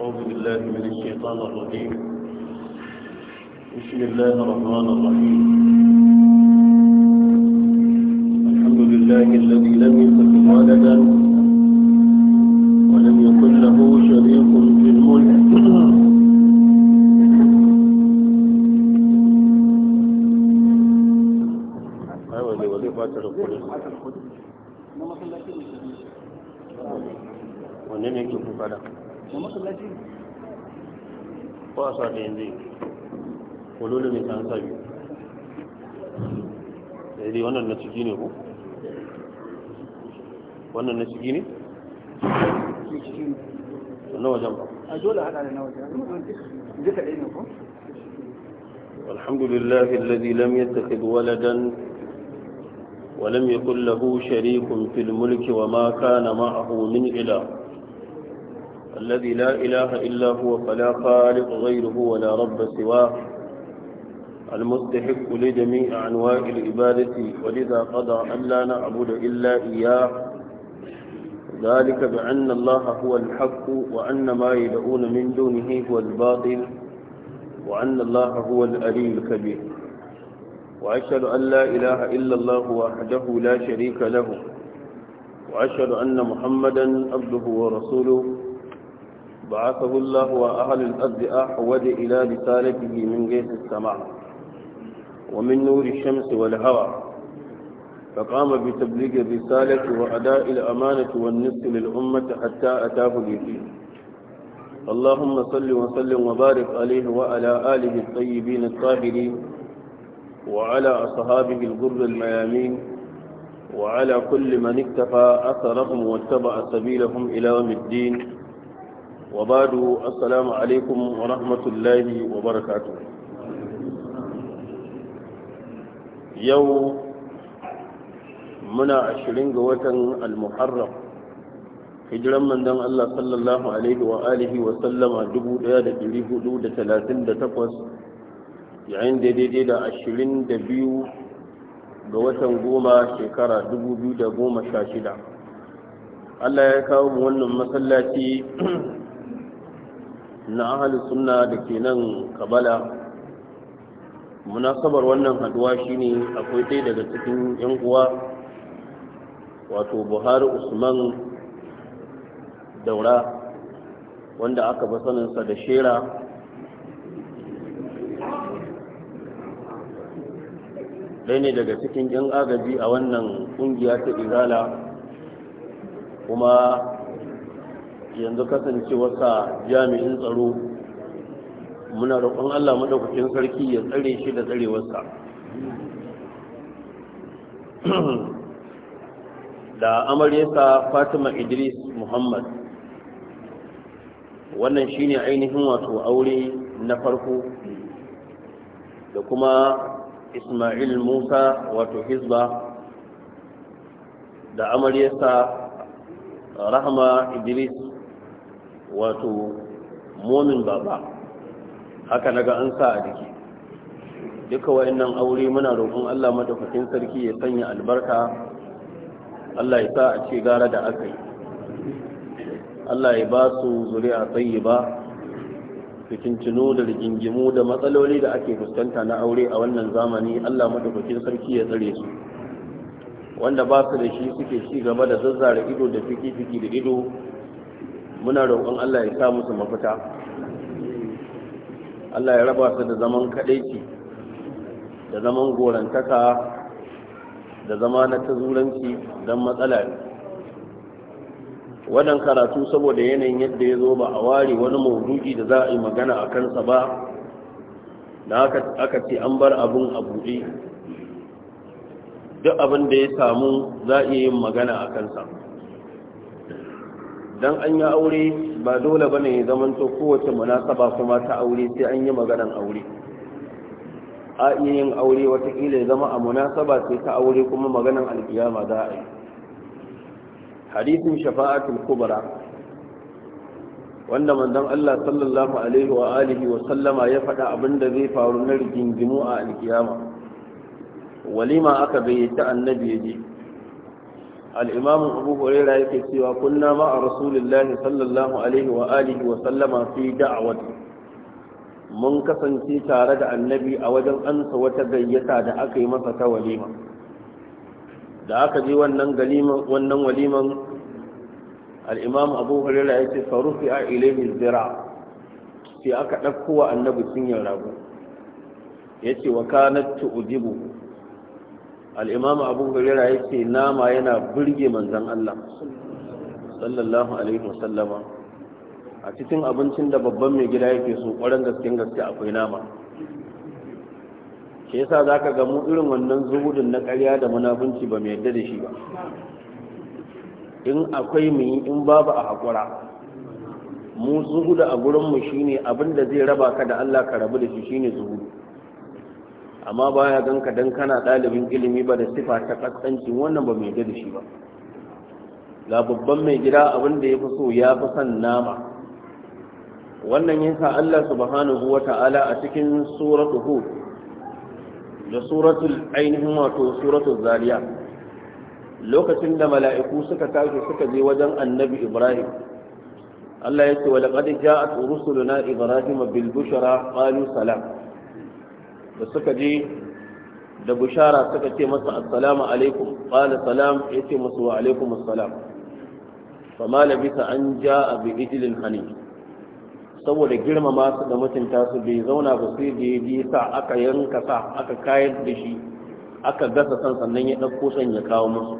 أعوذ بالله من الشيطان الرجيم بسم الله الرحمن الرحيم الحمد لله الذي da yanzu kululu mai san sabi dai wannan na ciki ne ku wannan na ciki ne na wajen ba a dole hada da na wajen duka ɗaya ne ku الحمد لله الذي لم الذي لا إله إلا هو فلا خالق غيره ولا رب سواه المستحق لجميع أنواع العبادة ولذا قضى أن لا نعبد إلا إياه ذلك بأن الله هو الحق وأن ما يدعون من دونه هو الباطل وأن الله هو الألي الكبير وأشهد أن لا إله إلا الله وحده لا شريك له وأشهد أن محمدا عبده ورسوله بعثه الله وأهل الأرض أحود إلى رسالته من جيش السماء ومن نور الشمس والهوى فقام بتبليغ الرسالة وأداء الأمانة والنصف للأمة حتى أتاه اليقين اللهم صل وسلم وبارك عليه وعلى آله الطيبين الطاهرين وعلى أصحابه الغر الميامين وعلى كل من اكتفى أثرهم واتبع سبيلهم إلى يوم الدين Wa وبعد السلام wa rahmatullahi wa وبركاته Yau muna ashirin ga watan al-muharram hijiran manzon Allah sallallahu alaihi wa alihi wa sallama 1438 yayin da daidai da ashirin da biyu ga watan goma shekara 2016 Allah ya kawo mu wannan masallaci na ahalin sunna da ke nan kabala munasabar wannan haduwa shine akwai ɗaya daga cikin yan uwa wato buhari usman daura wanda aka ba saninsa da shera ɗaya ne daga cikin yan agaji a wannan ƙungiya ta izala kuma yanzu kasance kasancewarsa jami'in tsaro muna roƙon Allah madaukakin sarki ya tsare shi da tsarewarsa da amaryarsa Fatima Idris Muhammad wannan shine ainihin wato aure na farko da kuma Ismail Musa wato Hizba da amaryarsa Rahma Idris wato momin baba haka naga an sa a jiki duka wayannan aure muna roƙon Allah madaukakin sarki ya sanya albarka Allah ya sa a ce gara da aka yi Allah ya ba su zuri'a tayyiba tuno da rigingimu da matsaloli da ake fuskanta na aure a wannan zamani Allah madaukakin sarki ya tsare su wanda ba su da shi suke ci gaba da zazzara ido da fiki fiki da ido muna roƙon Allah ya sa musu mafita Allah ya raba su da zaman kaɗaici da zaman gorantaka da zama na tazuranci don matsala ne wannan karatu saboda yanayin yadda ya zo ba a ware wani maudu'i da za a yi magana a kansa ba da aka ce an bar abin a buɗe duk abin da ya samu za a iya yin magana a kansa dan an yi aure ba dole ba ne zamanto kowace munasaba kuma ta aure sai an yi maganan aure a iya yin aure watakila ya zama a munasaba sai ta aure kuma maganan alkiyama za a yi hadisin shafa'atul kubra wanda manzon Allah sallallahu alaihi wa alihi wa sallama ya faɗa abin da zai faru na rigingimu a alkiyama walima aka bayyana annabi ya je الإمام أبو هريرة يكتب وكنا مع رسول الله صلى الله عليه وآله وسلم في دعوة من كسن تارد النبي أوجل أنس وتبيتا دعكي مسك وليما دعك دي ونن, ونن وليما الإمام أبو هريرة يكتب فرفع إليه الزراع في أكا نفكوا النبي سنين رابو يكتب وكانت تؤذبه al’imama abu hurera ya ce nama yana birge manzan Allah sallallahu alaihi wasallama a cikin abincin da babban mai gida yake so ƙwarar gaske gaske akwai nama Ke yasa za ka gamu irin wannan zuhudin na ƙarya da munafunci ba mai yadda da shi ba in akwai mai in babu a haƙura mu zuhudu a gurinmu shine abin da zai raba ka da Allah ka rabu da shi shine zuhudu amma baya ganka dan kana ɗalibin ilimi ba da sifa ta kaskanci wannan ba mai gadi shi ba ga babban mai gida abin da ya fi so ya fi son nama wannan sa Allah subhanahu wa ta'ala a cikin suratul hud da suratul ainihin wato suratul zariya lokacin da mala'iku suka tashi suka je wajen annabi ibrahim Allah ya ce wa laqad ja'at rusuluna ibrahima bil bushra qalu salam da suka je da bushara suka ce masa assalamu alaikum qala salam yace musu wa alaikum assalam fama labisa an ja'a bi ijlin hani saboda girmama su da mutunta su bai zauna ba sai da yi sa aka yanka sa aka kayar da shi aka gasa san sannan ya ɗauko san ya kawo musu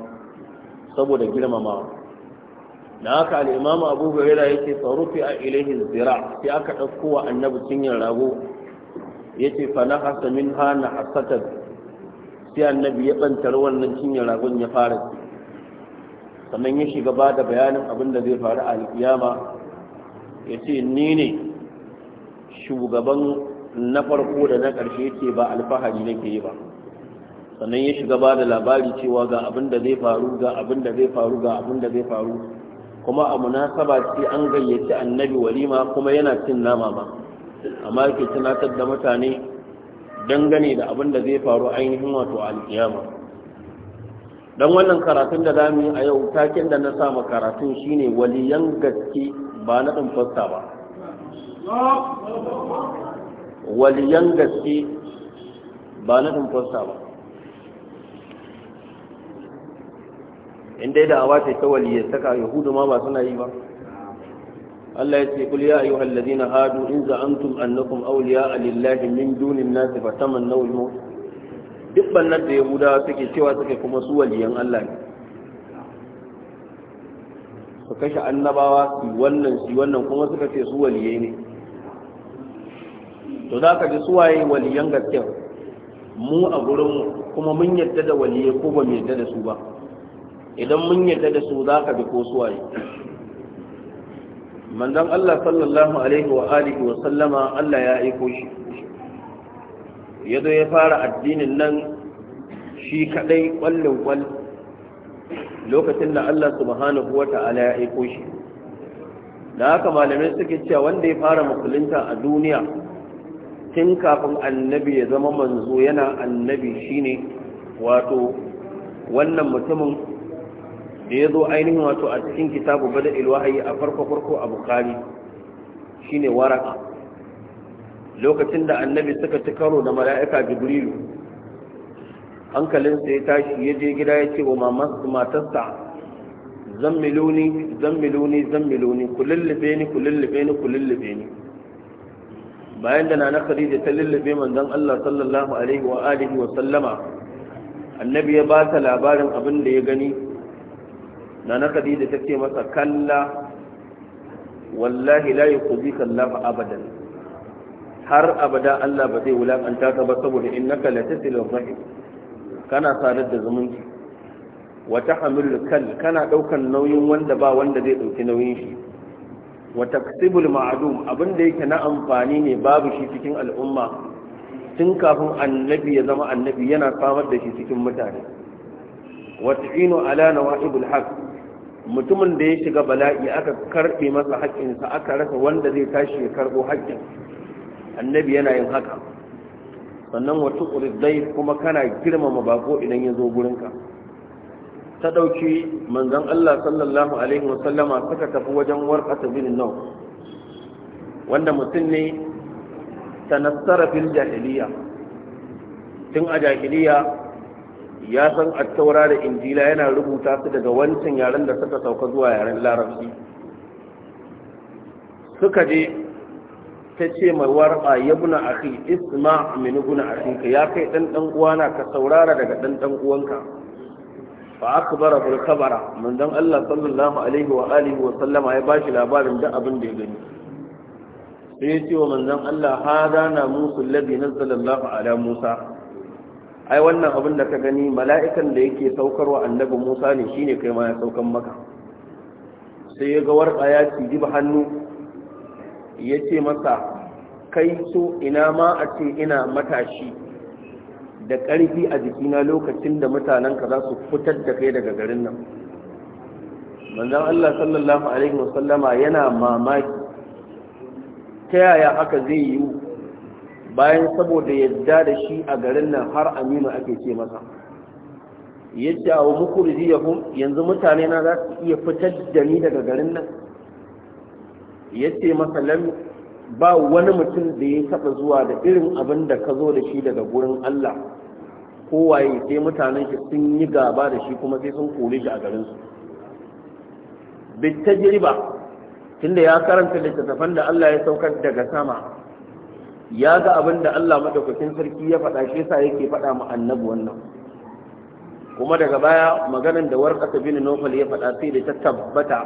saboda girmamawa da haka al-imamu hurairah yake sarufi a ilahi zira sai aka ɗauko wa annabi cinyar rago yace fa na nahasa minha nahasatan sai annabi ya bantar wannan cinye ragon ya fara sannan ya shiga ba da bayanin abin da zai faru a alkiyama ya ce ni ne shugaban na farko da na ƙarshe ce ba alfahari nake yi ba sannan ya shiga ba da labari cewa ga abin da zai faru ga abin da zai faru ga abin da zai faru kuma a munasaba sai an gayyaci annabi walima kuma yana cin nama ba amma yake tunatar da mutane dangane da abin da zai faru ainihin wato alkiyama don wannan karatun da zamu a yau takin da na samu karatun shine waliyan gaske ba na ɗin fasta ba waliyan gaske ba na ɗin fasta ba inda da awa ce ta waliyyar saka yahudu ma ba suna yi ba Allah ya ce kul ya ayyuha alladhina hadu in za'amtum annakum awliya lillahi min dunin nas fa tamannaw al-maut duk bannan da yahudawa suke cewa suke kuma su waliyan Allah ne su kashe annabawa su wannan su wannan kuma suka ce su waliyai ne to za ka ji suwaye waliyan gaskiya mu a gurin kuma mun yadda da waliyai ko ba mu yadda da su ba idan mun yadda da su za ka ji ko suwaye manzon Allah sallallahu alaihi wa alihi wa sallama Allah ya aiko shi yazo ya fara addinin nan shi kadai kwallon kwal lokacin da Allah subhanahu Ta'ala ya aiko shi da haka malamai suke cewa wanda ya fara musulunta a duniya tun kafin annabi ya zama manzo yana annabi shine wato wannan mutumin da ya zo ainihin wato a cikin kitabu bada ilwahayi a farko farko a bukari ne waraka lokacin da annabi suka ci karo da mala'ika jibrilu hankalinsa ya tashi ya je gida ya ce wa matarsa zammiluni zammiluni zammiluni ku lullube ni ku lullube ni ku lullube ni bayan da na khadija ta lullube manzon Allah sallallahu alaihi wa alihi wa sallama annabi ya ba ta labarin abin da ya gani na na kadida ta ce masa kalla wallahi la yuqzika Allah abadan har abada Allah ba zai wulakanta ka ba saboda innaka latasilu rahim kana sadar da zumunci wa tahmilul kal kana daukan nauyin wanda ba wanda zai dauki nauyin shi wa taksibul ma'dum abin da yake na amfani ne babu shi cikin al'umma tun kafin annabi ya zama annabi yana samar da shi cikin mutane wa ta'inu ala nawa'ibul haqq mutumin da ya shiga bala'i aka karɓe masa haƙƙinsa aka rasa wanda zai tashi ya karɓo haƙƙin annabi yana yin haka sannan wata ƙuriddai kuma kana girmama bako idan ya zo gurinka ta ɗauki manzon Allah sallallahu alaihi wasallama suka tafi wajen warƙata bin nau wanda mutum ne tanassara fil jahiliya tun a jahiliya ya san attaura da injila yana rubuta su daga wancan yaren da suka sauka zuwa yaren larabci suka je ta ce mai warba ya buna akhi isma min guna akhinka ya kai dan dan uwana ka saurara daga dan dan uwanka fa akbara bil khabara dan Allah sallallahu alaihi wa alihi wa sallama ya bashi labarin da abin da ya gani sai ya ce wa manzon Allah hada na musul ladhi nazzala Allah ala Musa ai wannan abin da ka gani mala'ikan da yake saukarwa annabi Musa ne shine kai ma ya saukan maka sai ya ga warqa ya ci ba hannu yace masa kai so ina ma a ce ina matashi da ƙarfi a jikina lokacin da mutanenka za su fitar da kai daga garin nan manzan Allah sallallahu Alaihi wasallama yana mamaki ta yaya haka zai yi bayan saboda yadda da shi a garin nan har aminu ake ce masa yadda a mukurji ya yanzu mutane na za su iya fitar da ni daga garin nan ya ce masa ba wani mutum da ya taɓa zuwa da irin abin da ka zo da shi daga gurin Allah kowaye sai mutanen shi sun yi gaba da shi kuma sai sun kore shi a garinsu bitta jirba tunda ya karanta littattafan da Allah ya saukar daga sama ya ga abin da Allah madaukakin sarki ya faɗa shi yasa yake faɗa mu annabi wannan kuma daga baya maganar da warqata bin nawfal ya faɗa sai da ta tabbata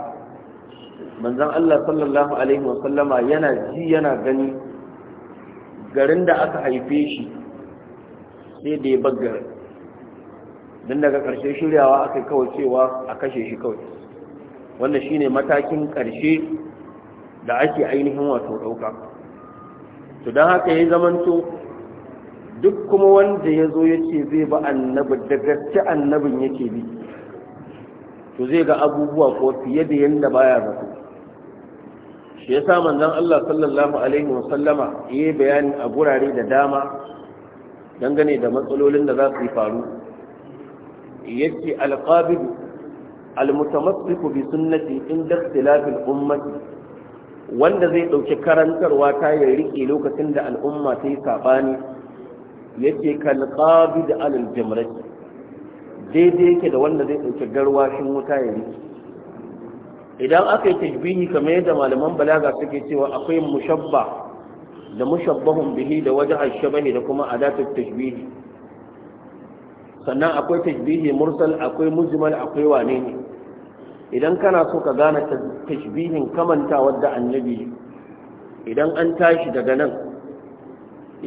manzon Allah sallallahu alaihi wa sallama yana ji yana gani garin da aka haife shi sai da ya dan daga karshe shiryawa aka kawai cewa a kashe shi kawai wannan shine matakin ƙarshe da ake ainihin wato dauka. to don haka ya zamanto duk kuma wanda ya zo ya ce zai ba annabi da gaske annabin yake bi to zai ga abubuwa ko fiye da yadda baya zato shi ya sa manzon Allah sallallahu alaihi wasallama ya yi bayani a gurare da dama dangane da matsalolin da za su yi faru yake alqabid almutamassiku bi sunnati inda ikhtilafil ummati wanda zai ɗauki karantarwa ta yi riƙe lokacin da al'umma ta yi saɓani yake kalƙabi da alal jamrati daidai yake da wanda zai ɗauki garwashin wuta ya riƙe idan aka yi tajbihi kamar yadda malaman balaga suke cewa akwai mushabba da mushabbahun bihi da wajen bane da kuma adatar tajbihi sannan akwai tajbihi mursal akwai mujmal akwai wane ne idan kana so ka gane tashbihin kamanta wadda annabi idan an tashi daga nan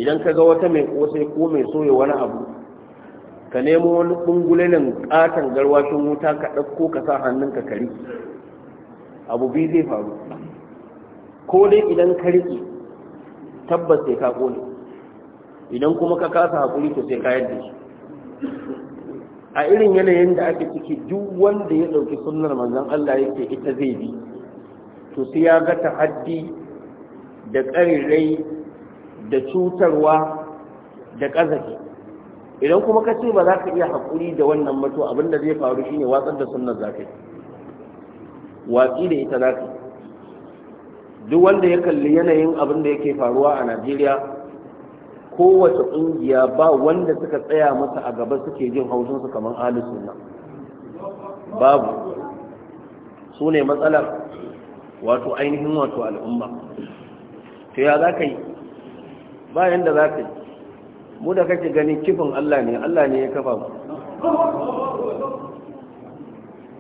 idan ka ga wata mai kosai ko mai soye wani abu ka nemo wani ɓungulelin ƙaton garwashin wuta ka ɗauko ka sa hannunka kari abu biyu zai faru ko dai idan ka riƙe tabbas sai ka ƙone idan kuma ka kasa haƙuri to sai ka yadda shi a irin yanayin da ake ciki duk wanda ya ɗauki sunnar manzon Allah yake ita zai bi to sai ya ga tahaddi da ƙarirai da cutarwa da ƙazafi idan kuma ka ce ba za ka iya haƙuri da wannan mato abin da zai faru shine watsar da sunnar za yi watsi da ita za duk wanda ya kalli yanayin abin da yake faruwa a najeriya kowace ƙungiya ba wanda suka tsaya masa a gaba suke jin haushinsu kamar ahli sunna babu su ne matsalar wato ainihin wato al'umma to ya za ka yi bayan da za ka yi mu da kake gani kifin Allah ne Allah ne ya kafa mu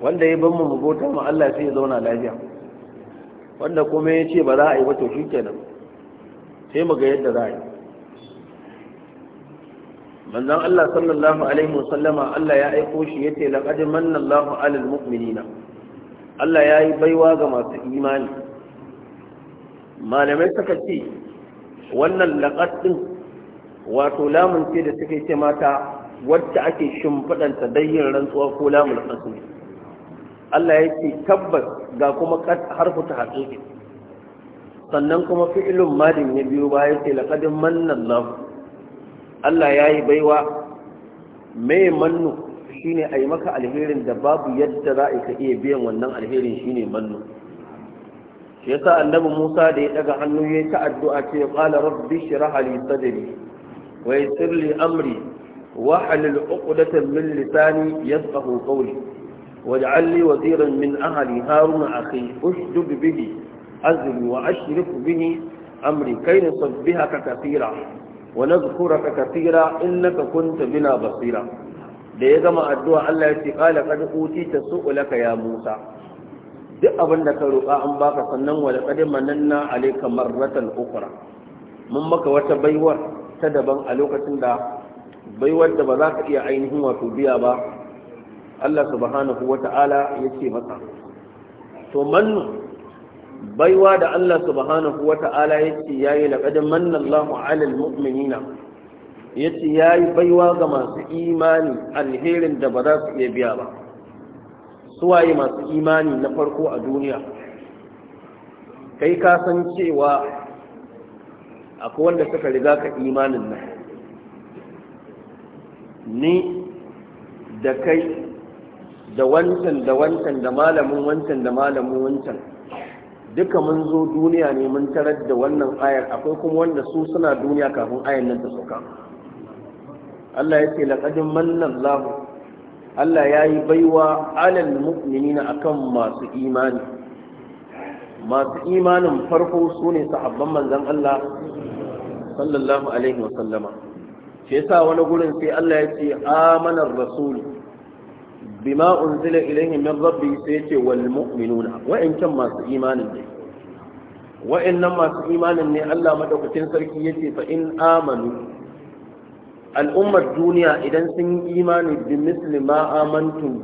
wanda ya banmu mu gota ma Allah sai ya zauna lafiya wanda kuma ya ce ba za a yi ba to kenan sai mu ga yadda za a yi manzon Allah sallallahu alaihi wasallama Allah ya aiko shi yace laqad manna Allahu alal mu'minina Allah ya yi baiwa ga masu imani malamai suka ce wannan laqad din wato lamun ce da suka ce mata wacce ake shimfidanta yin rantsuwa ko lamul qasmi Allah ya ce tabbas ga kuma harfu ta haƙiƙi sannan kuma fi'ilun madin ya biyo ba ya ce laqad manna Allahu Allah ya yi baiwa mai mannu shine a yi maka alherin da babu yadda za a iya biyan wannan alherin shine mannu shi yasa annabi Musa da ya daga hannu ya ta addu'a ce qala rabbi shrah li sadri wa yassir amri wa halil 'uqdatan min lisani yafqahu qawli waj'al li waziran min ahli harun akhi ushdud bihi azri wa ashrik bihi amri kay sabbihaka kathira wa kasira in innaka kunta bina basira da ya gama addu'a Allah ya ce qala qad ta su'laka ya Musa duk abin da ka roƙa an baka sannan wa laqad mananna alayka marratan ukhra mun maka wata baiwar ta daban a lokacin da baiwar da ba za ka iya ainihin wato biya ba Allah subhanahu Ta'ala ya ce maka to mannu baiwa da Allah subhanahu ya yace yayi laqad alil Allahu 'alal ce ya yi baiwa ga masu imani alherin da ba za su iya biya ba suwaye masu imani na farko a duniya kai ka san cewa akwai wanda suka riga ka imanin nan ni da kai da wancan da wancan da malamin wancan da malamin wancan duka mun zo duniya ne mun tarar da wannan ayar akwai kuma wanda su suna duniya kafin ayar nan ta sauka Allah ya ce laqadin mannan lahu Allah ya yi baiwa alal mu'minina akan masu imani masu imanin farko su ne sahabban manzon Allah sallallahu alaihi wa sallama shi yasa wani gurin sai Allah ya ce amanar rasulu bima unzila ilayhi min rabbi sai yace wal mu'minuna wa'ancan masu imanin ne wa'annan masu imanin ne Allah madaukakin sarki yace fa in amanu al'ummar duniya idan sun yi imani bi misli ma amantum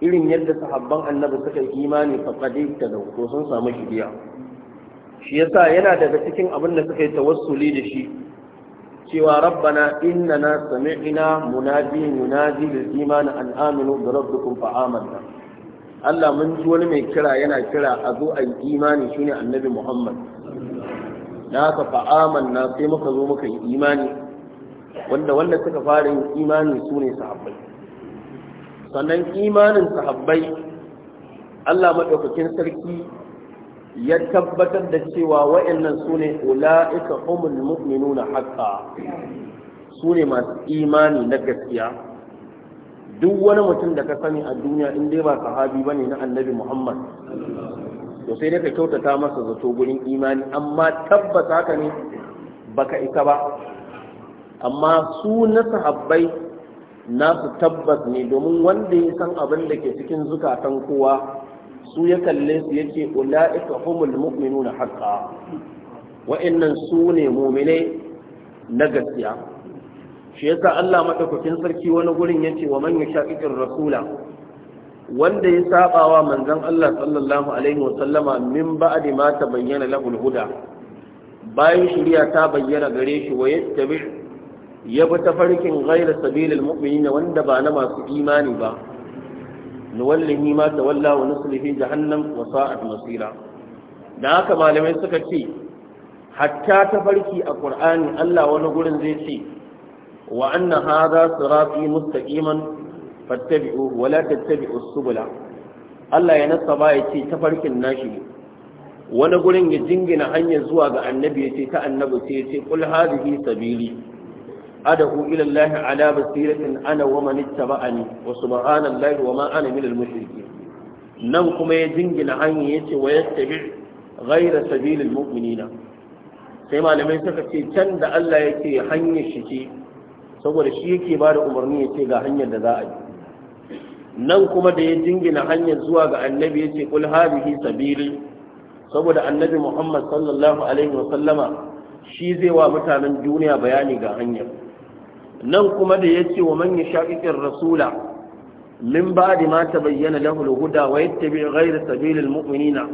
irin yadda sahabban annabi suka yi imani fa qadi ta sun samu shidiya shi yasa yana daga cikin abin da suka yi tawassuli da shi cewa rabbana innana sami'na munadi munadi lil imani an aminu bi rabbikum fa amanna Allah mun ji wani mai kira yana kira a zo a yi imani shine annabi Muhammad da haka fa amanna sai muka zo muka yi imani wanda wanda suka fara yin imani sune sahabbai sannan imanin sahabbai Allah madaukakin sarki ya tabbatar da cewa wa'annan su ne ula'ika humul mu'minuna haqqa su ne masu imani na gaskiya duk wani mutum da ka sani a duniya in dai ba sahabi bane na annabi Muhammad to sai dai ka kyautata masa zato gurin imani amma tabbata haka ne baka isa ba amma su na sahabbai nasu tabbas ne domin wanda ya san abin da ke cikin zukatan kowa su ya kalle su yace ulaika humul na haqqan wa'annan su ne mu'mine na gaskiya shi yasa Allah madaukakin sarki wani gurin yace wa manya shaƙiƙin rasula wanda ya wa manzon Allah sallallahu alaihi wa sallama min ba'di ma tabayyana lahu huda bayan shari'a ta bayyana gare shi wa yattabi ya bi tafarkin ghayra sabilil mu'minina wanda ba na masu imani ba nuwallihi ma tawalla wa nuslihi jahannam wa sa'at masira dan haka malamai suka ce hatta ta farki a Qur'ani Allah wani gurin zai ce wa anna hadha sirati mustaqiman fattabi'u wa la tattabi'u subula Allah ya nasaba ya ce ta farkin nashi wani gurin ya jingina hanyar zuwa ga annabi ya ce ta annabi sai ya ce qul hadhihi sabili Ada ila Allah ala basiratin ana wa man ittaba'ani wa subhanallahi wa ma ana minal mushrikeen nan kuma ya jingina hanyar yace wa yattabi' ghayra sabilil mu'minina sai malamai suka ce can da Allah yake hanyar shi ce saboda shi yake ba da umarni ya ce ga hanyar da za a nan kuma da ya jingina hanyar zuwa ga annabi ya ce saboda annabi Muhammad sallallahu alaihi wasallama shi zai wa mutanen duniya bayani ga hanyar nan kuma da ya ce wa manyan shaƙiƙin rasula min da ma ta bayyana al guda wa yattabi ghayra sabilin mu'minina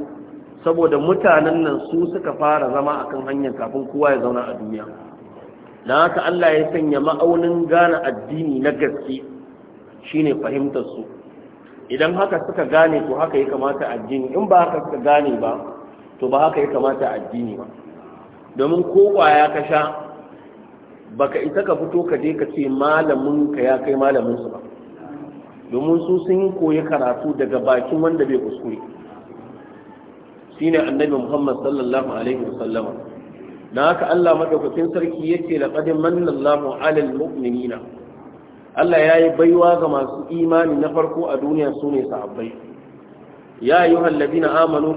saboda mutanen nan su suka fara zama akan hanyar kafin kowa ya zauna a duniya Na haka Allah ya sanya ma'aunin gane addini na gaske shine fahimtar su idan haka suka gane to haka ya kamata addini in ba haka suka gane ba to ba haka ya kamata addini ba domin ko kwaya ka sha baka isa ka fito ka je ka ce malamin ka ya kai malamin su ba domin su sun yi koyi karatu daga bakin wanda bai kuskure shine annabi Muhammad sallallahu alaihi wasallama na haka Allah madaukakin sarki yace laqad mannallahu alal mu'minina Allah ya yi baiwa ga masu imani na farko a duniya su ne sahabbai ya yi hallabi na amanu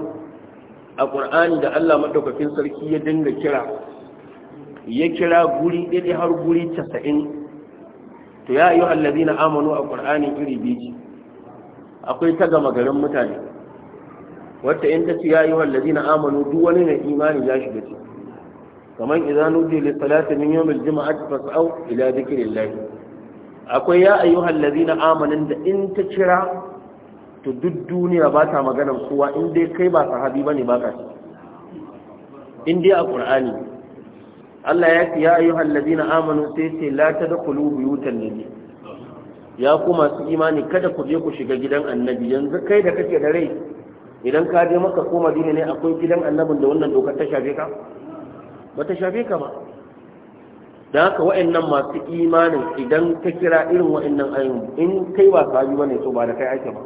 a ƙur'ani da Allah maɗaukakin sarki ya dinga kira ya kira guri ɗaya har guri casa'in to ya yi hallazi na amonu a ƙur'anin iri biyu akwai ta gama garin mutane wata in ta ce ya yi hallazi na amonu duk wani mai imani ya shiga ce kamar idanu je li salati min yawm al-jum'ati fas'au ila dhikrillah akwai ya ayyuhal ladina amanu da in ta kira to duk duniya ba ta maganar kowa in dai kai ba sahabi ne ba ka in dai a qur'ani Allah ya ce ya ayyuhal ladina amanu sai ce la biyu buyutan nabi ya ku masu imani kada ku je ku shiga gidan annabi yanzu kai da kake da rai idan ka je maka ko madina ne akwai gidan annabin da wannan dokar ta shafe ka ba ta shafe ka ba da haka wa'annan masu imanin idan ka kira irin wa'annan ayyun in kai ba ba ne so ba da kai ake ba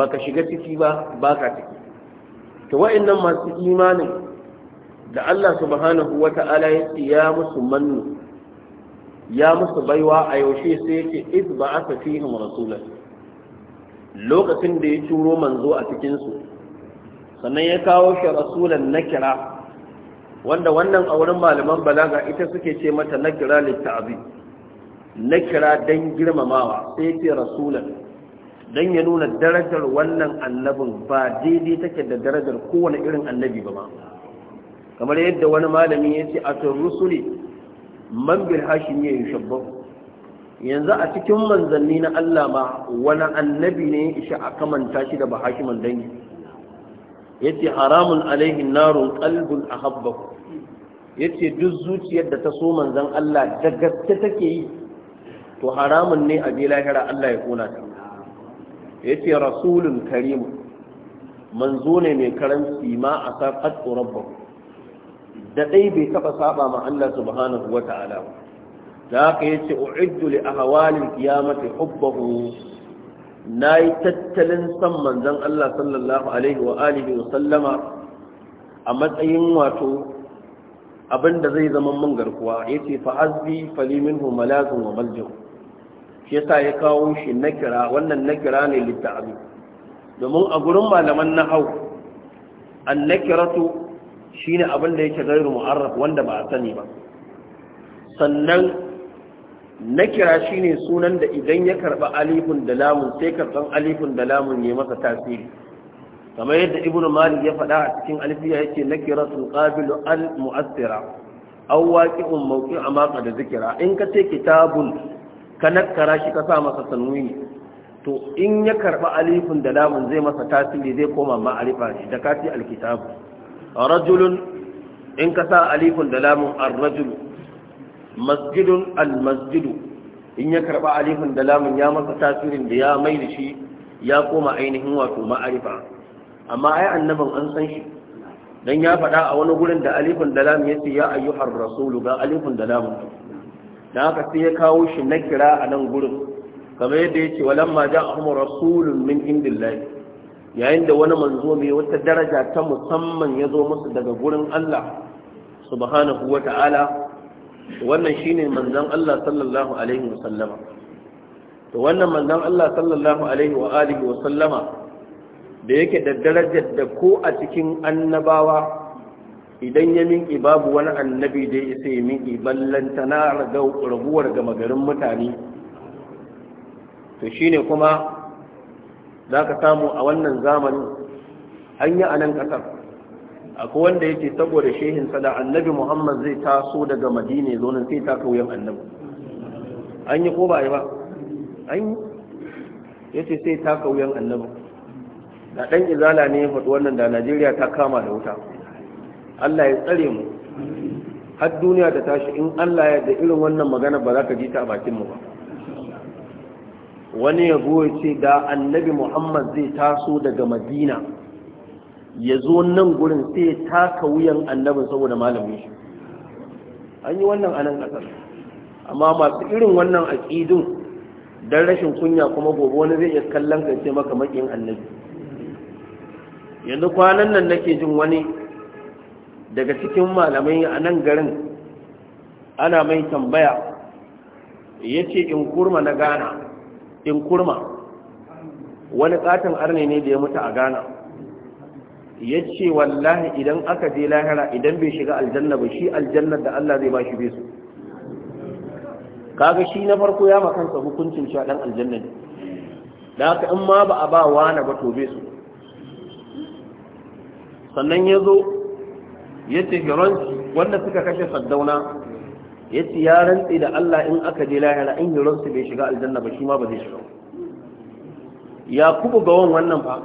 ba ka shiga ciki ba ba ka ciki to wa'annan masu imanin da Allah subhanahu wata'ala ya ce ya musu mannu ya musu baiwa a yaushe sai ce iz ba aka fihim rasulan lokacin da ya turo manzo a cikin su sannan ya kawo shi rasulan kira, wanda wannan a wurin malaman balaga ita suke ce mata nakira na nakira dan girmamawa sai ce rasulan dan ya nuna darajar wannan annabin ba daidai take da darajar kowane irin annabi ba ma kamar yadda wani malami ya ce a rusuli man Hashi hashim ya yanzu a cikin manzanni na Allah ma wani annabi ne isha a kamanta shi da bahashiman dangi ce haramun alaihi narun qalbun Ya ce duk zuciyar da ta so manzan Allah da gaske take yi to haramun ne a bi lahira Allah ya kuna ta yace rasulun karimu manzo ne mai karanci ma a saqat rabbahu da dai bai taɓa saba ma Allah subhanahu wata'ala ba da haka yace u'iddu li ahwalil qiyamati hubbahu nayi tattalin san manzon Allah sallallahu alaihi wa alihi wa sallama a matsayin wato abinda zai zama mun garkuwa yace fa azbi fali minhu malazun wa shi yasa ya kawo shi nakira wannan nakira ne litta'abi domin a gurin malaman nahau annakiratu Shi ne abin da yake gairu mu'arraf wanda ba a sani ba sannan na kira shi ne sunan da idan ya karɓi alifun da lamun sai karban alifun da lamun ne masa tasiri kamar yadda ibnu malik ya faɗa a cikin alfiya yake sun ƙabilu al mu'assira aw waqi'un mawqi'a ma qad zikira in ka ce kitabun ka nakkara shi ka sa masa tanwini to in ya karɓi alifun da lamun zai masa tasiri zai koma ma'arifa shi da kafi alkitabu rajulun in ka sa alifun da lamun ar-rajulu masjidun al-masjidu in ya karba alifun da lamun ya masa tasirin da ya mai da shi ya koma ainihin wato ma'arifa amma ai annabin an san shi dan ya faɗa a wani gurin da alifun da lamun yace ya ayyuhar rasulu ga alifun da lamun dan haka sai ya kawo shi na kira a nan gurin kamar yadda yace a ja'ahum rasulun min indillahi yayin da wani manzo mai wata daraja ta musamman ya zo musu daga gurin Allah subhanahu wa ta'ala wannan ne manzan Allah sallallahu alaihi wa sallama wannan manzan Allah sallallahu alaihi wa alihi wa da yake da darajar da ko a cikin annabawa idan ya minki babu wani annabi da ya sai minki ballanta na raguwar gama garin mutane to shi ne kuma za ka samu a wannan zamanin an yi a nan ƙasar akwai wanda yake saboda shehin sada annabi muhammad zai taso daga madina zo sai ta kauyen annabi an yi ko ba yi ba an yi ya ce sai ta kauyen annabi da ɗan izala ne ya faɗi wannan da najeriya ta kama da wuta allah ya tsare mu har duniya ta tashi in allah ya da irin wannan magana ba za ka ji ta a bakin mu ba wani yabo ya ce da annabi muhammad zai taso daga madina ya zo nan gurin sai ya taka wuyan annabin saboda malamin shi an yi wannan anan ƙasar amma masu irin wannan aƙidun don rashin kunya kuma gobe wani zai iya kallon ka ce maka makin annabi yanzu kwanan nan nake jin wani daga cikin malamai a nan garin ana mai tambaya ya ce in kurma na gana in kurma wani katon arne ne da ya mutu a ghana ya ce wallahi idan aka je lahira idan bai shiga aljanna ba shi aljannar da allah zai ba shi besu kaga shi na farko ya makansa hukuncin cewa dan aljanna ne da haka in ma ba a ba na ba to besu sannan ya zo ya ce wanda suka kashe saddauna yace ya rantsi da Allah in aka je lahira in hirar su bai shiga aljanna ba shi ma ba zai shiga yakubu ga wannan fa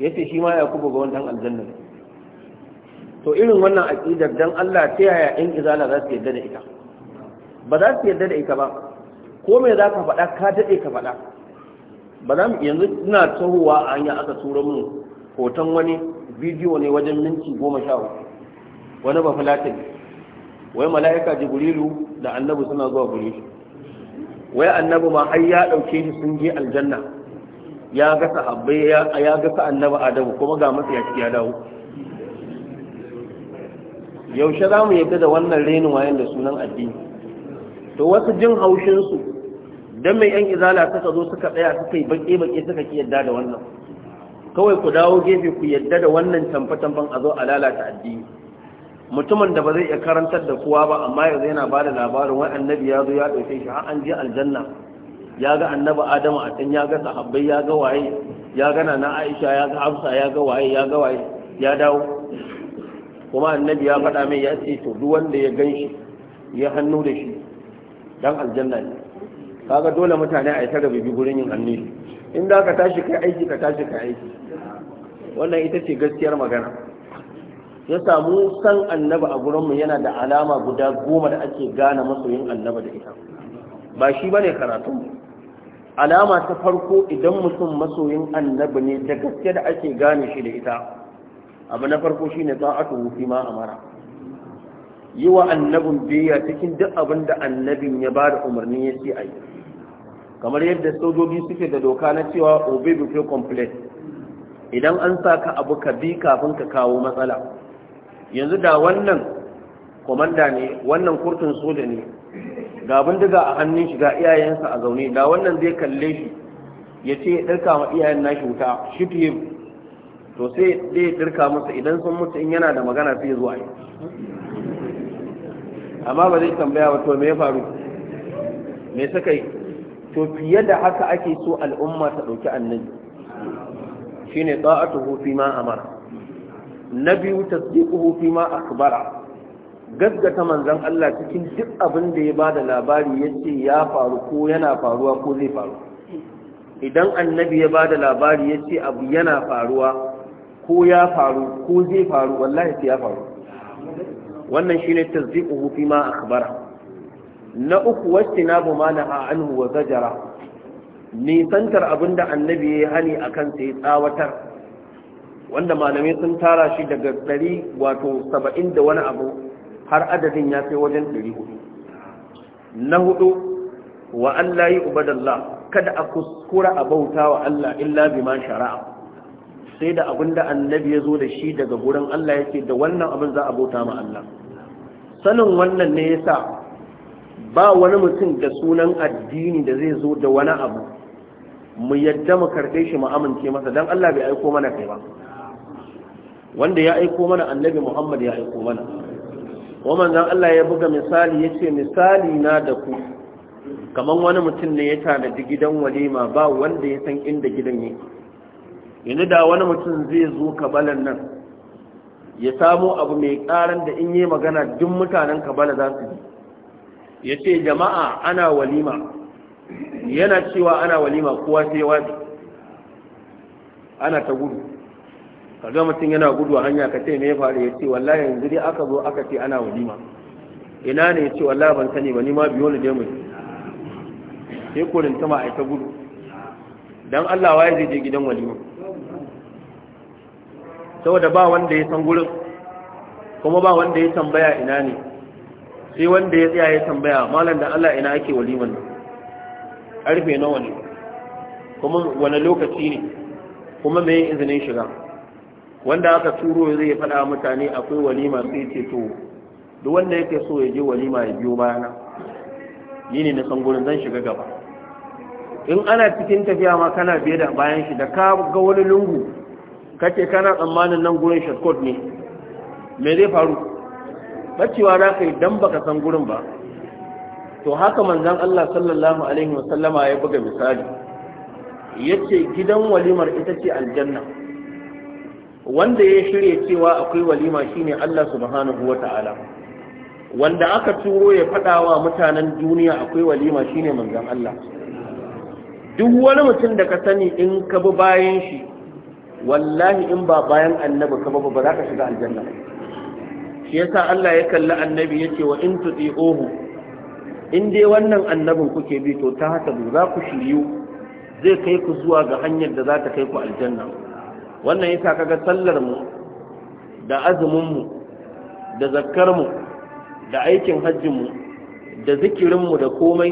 yace shi ma yakubu ga wannan aljanna to irin wannan aqidar dan Allah ta yaya in izala za su yadda da ita ba za su yadda da ita ba ko me za ka faɗa ka dade ka faɗa ba za mu yanzu ina tahowa a hanya aka tura mu hoton wani bidiyo ne wajen minti goma sha wani ba wai mala'ika jibrilu da annabi suna zuwa gure shi wai annabi ma har ya dauke shi sun je aljanna ya ga sahabbai ya ga sa annabi adamu kuma ga masa ya ya dawo yaushe za mu yadda da wannan renin wayan da sunan addini to wasu jin haushin su dan mai yan izala suka zo suka tsaya suka yi baƙe baƙe suka ki yadda da wannan kawai ku dawo gefe ku yadda da wannan tamfa tamfan a zo a lalata addini mutumin da ba zai iya karantar da kowa ba amma yanzu yana ba da labarin wai annabi ya zo ya ɗauke shi har an je aljanna ya ga annabi adamu a can ya ga sahabbai ya ga waye ya gana na aisha ya ga hafsa ya ga waye ya ga waye ya dawo kuma annabi ya faɗa mai ya ce to duk wanda ya gan shi ya hannu da shi dan aljanna ne kaga dole mutane a yi ta rabibi gurin yin hannu in da ka tashi kai aiki ka tashi kai aiki wannan ita ce gaskiyar magana ya samu san annaba a gurinmu yana da alama guda goma da ake gane masoyin annaba da ita ba shi ba ne karatun alama ta farko idan mutum masoyin annaba ne da gaske da ake gane shi da ita abu na farko shine a wufi ma a mara. yi wa annabin biya cikin duk abin da annabin ya ba da umarni ya ce a kamar yadda sojoji suke da doka na cewa obey before complete idan an sa ka abu ka bi kafin ka kawo matsala yanzu da wannan komanda ne wannan kurtun soja ne ga bindiga a hannun shi ga iyayensa a zaune da wannan zai kalle shi ya ce ya ɗirka ma iyayen nashi wuta shoot to sai zai ɗirka masa idan sun mutu in yana da magana sai zuwa yi amma ba zai tambaya ba to me ya faru me suka yi to fiye da haka ake so al'umma ta ɗauki annabi shine ta'atuhu fi ma amara na biyu tasdiquhu fi ma akhbara gaggata manzon Allah cikin duk abin da ya bada labari yace ya faru ko yana faruwa ko zai faru idan annabi ya bada labari yace abu yana faruwa ko ya faru ko zai faru wallahi sai ya faru wannan shine tasdiquhu fi ma akhbara na uku bu ma a anhu wa zajara nisantar abinda annabi ya hani akan sai tsawatar wanda malamai sun tara shi daga dari wato saba'in da wani abu har adadin ya sai wajen ɗari hudu na hudu wa Allah yi ubadallah kada a kuskura a bauta wa Allah illa bi ma shara'a sai da abin da annabi ya zo da shi daga gurin Allah yake da wannan abin za a bauta ma Allah sanin wannan ne yasa ba wani mutum da sunan addini da zai zo da wani abu mu yadda mu karɓe shi mu amince masa dan Allah bai aiko mana kai ba wanda ya aiko mana annabi Muhammad ya aiko mana wannan dan Allah ya buga misali yace misali na da ku kaman wani mutum ne ya tanadi gidan walima ba wanda ya san inda gidan yake yanzu da wani mutum zai zo kabalan nan ya samo abu mai karan da in yi magana duk mutanen kabala za su ji ya ce jama'a ana walima yana cewa ana walima kowa sai waje ana ta gudu kaga mutum yana gudu a hanya ka ce me faru ya ce wallahi yanzu dai aka zo aka ce ana walima ina ne ya ce wallahi ban sani ba ni ma biyo ni dai mu sai kodin ta ma ta gudu dan Allah waye zai je gidan walima saboda ba wanda ya san gurin kuma ba wanda ya tambaya ina ne sai wanda ya tsaya ya tambaya malam da Allah ina ake waliman arfe nawa ne kuma wani lokaci ne kuma me izinin shiga wanda aka turo zai faɗa mutane akwai walima sai ce to duk wanda yake so ya je walima ya biyo bayana ni ne na san gurin zan shiga gaba in ana cikin tafiya ma kana biye da bayan shi da ka ga wani lungu kake kana tsammanin nan gurin shortcut ne me zai faru bacewa za ka yi dan baka san gurin ba to haka manzon Allah sallallahu alaihi wasallama ya buga misali yace gidan walimar ita ce aljanna wanda ya shirya cewa akwai walima shine Allah subhanahu wata'ala wanda aka turo ya faɗawa mutanen duniya akwai walima shine manzon Allah duk wani mutum da ka sani in ka bi bayan shi wallahi in ba bayan annabi ka ba ba za ka shiga aljanna shi yasa Allah ya kalli annabi yace wa in tuti'uhu in dai wannan annabin kuke bi to ta haka za ku shiryu zai kai ku zuwa ga hanyar da za ta kai ku aljanna wannan yasa kaga sallar mu da azumin mu da zakkar mu da aikin hajjin mu da zikirin mu da komai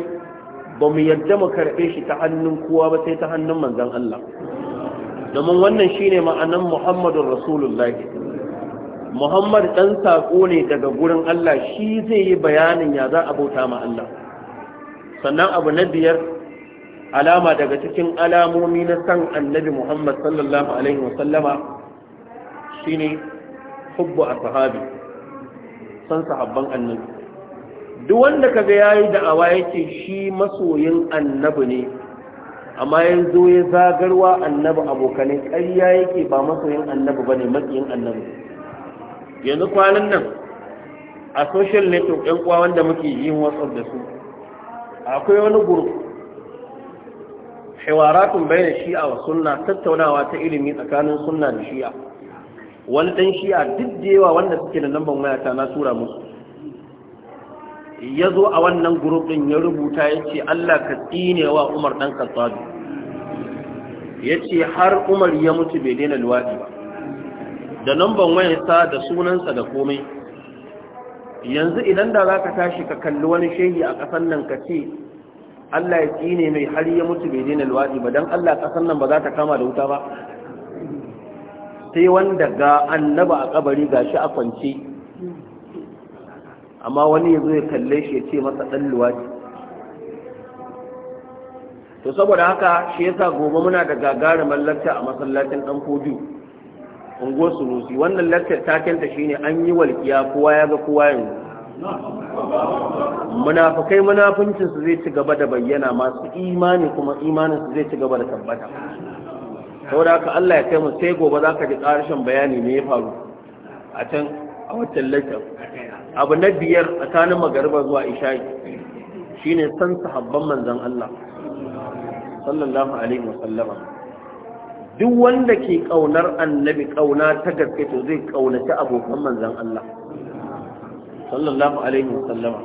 ba mu yadda mu karbe shi ta hannun kowa ba sai ta hannun manzon Allah domin wannan shine ma'anan Muhammadur Rasulullahi Muhammad dan sako ne daga gurin Allah shi zai yi bayanin ya za a bauta ma Allah sannan abu na biyar alama daga cikin alamomi na san annabi Muhammad sallallahu alaihi wasallama shine hubbu ashabi san sahabban annabi duk wanda kaga yayi da'awa yake shi masoyin annabi ne amma yanzu ya zagarwa annabi abokanai ƙarya yake ba masoyin annabi bane makiyin annabi yanzu kwanan nan a social network ɗan uwa wanda muke yin WhatsApp da su akwai wani group hiwaratun bayan shi'a wa sunna tattaunawa ta ilimi tsakanin sunna da shi'a wani dan shi'a duk da yawa wanda suke da lambar mayata na tura musu ya zo a wannan grup din ya rubuta ya ce Allah ka tsine wa Umar dan Khattabi ya ce har Umar ya mutu bai daina luwaɗi ba da lambar wayarsa da sunansa da komai yanzu idan da za ka tashi ka kalli wani shehi a ƙasar nan ka ce Allah ya tsine mai har ya mutu bai daina luwaɗi ba don Allah ƙasar nan ba za ta kama da wuta ba sai wanda ga annaba a kabari ga shi a kwance amma wani ya zo ya kalle shi ya ce masa ɗan luwaɗi to saboda haka shi ya sa gobe muna da gagarumar mallarta a masallacin ɗan kodu unguwar sunusi wannan laccar takenta shine an yi walƙiya kowa ya ga kowa yanzu Munafukai munafuncinsu zai ci gaba da bayyana masu imani kuma imanin zai ci gaba da tabbata saboda haka Allah ya kai mu sai gobe za ka ji ƙarshen bayani ne ya faru a can a watan lantar abu na biyar a tsanin magariba zuwa isha'i ne san sahabban manzan Allah sallallahu alaihi wasallama duk wanda ke ƙaunar annabi ƙauna ta gaske to zai ƙaunaci abokan manzan Allah sallallahu alaihi wasallama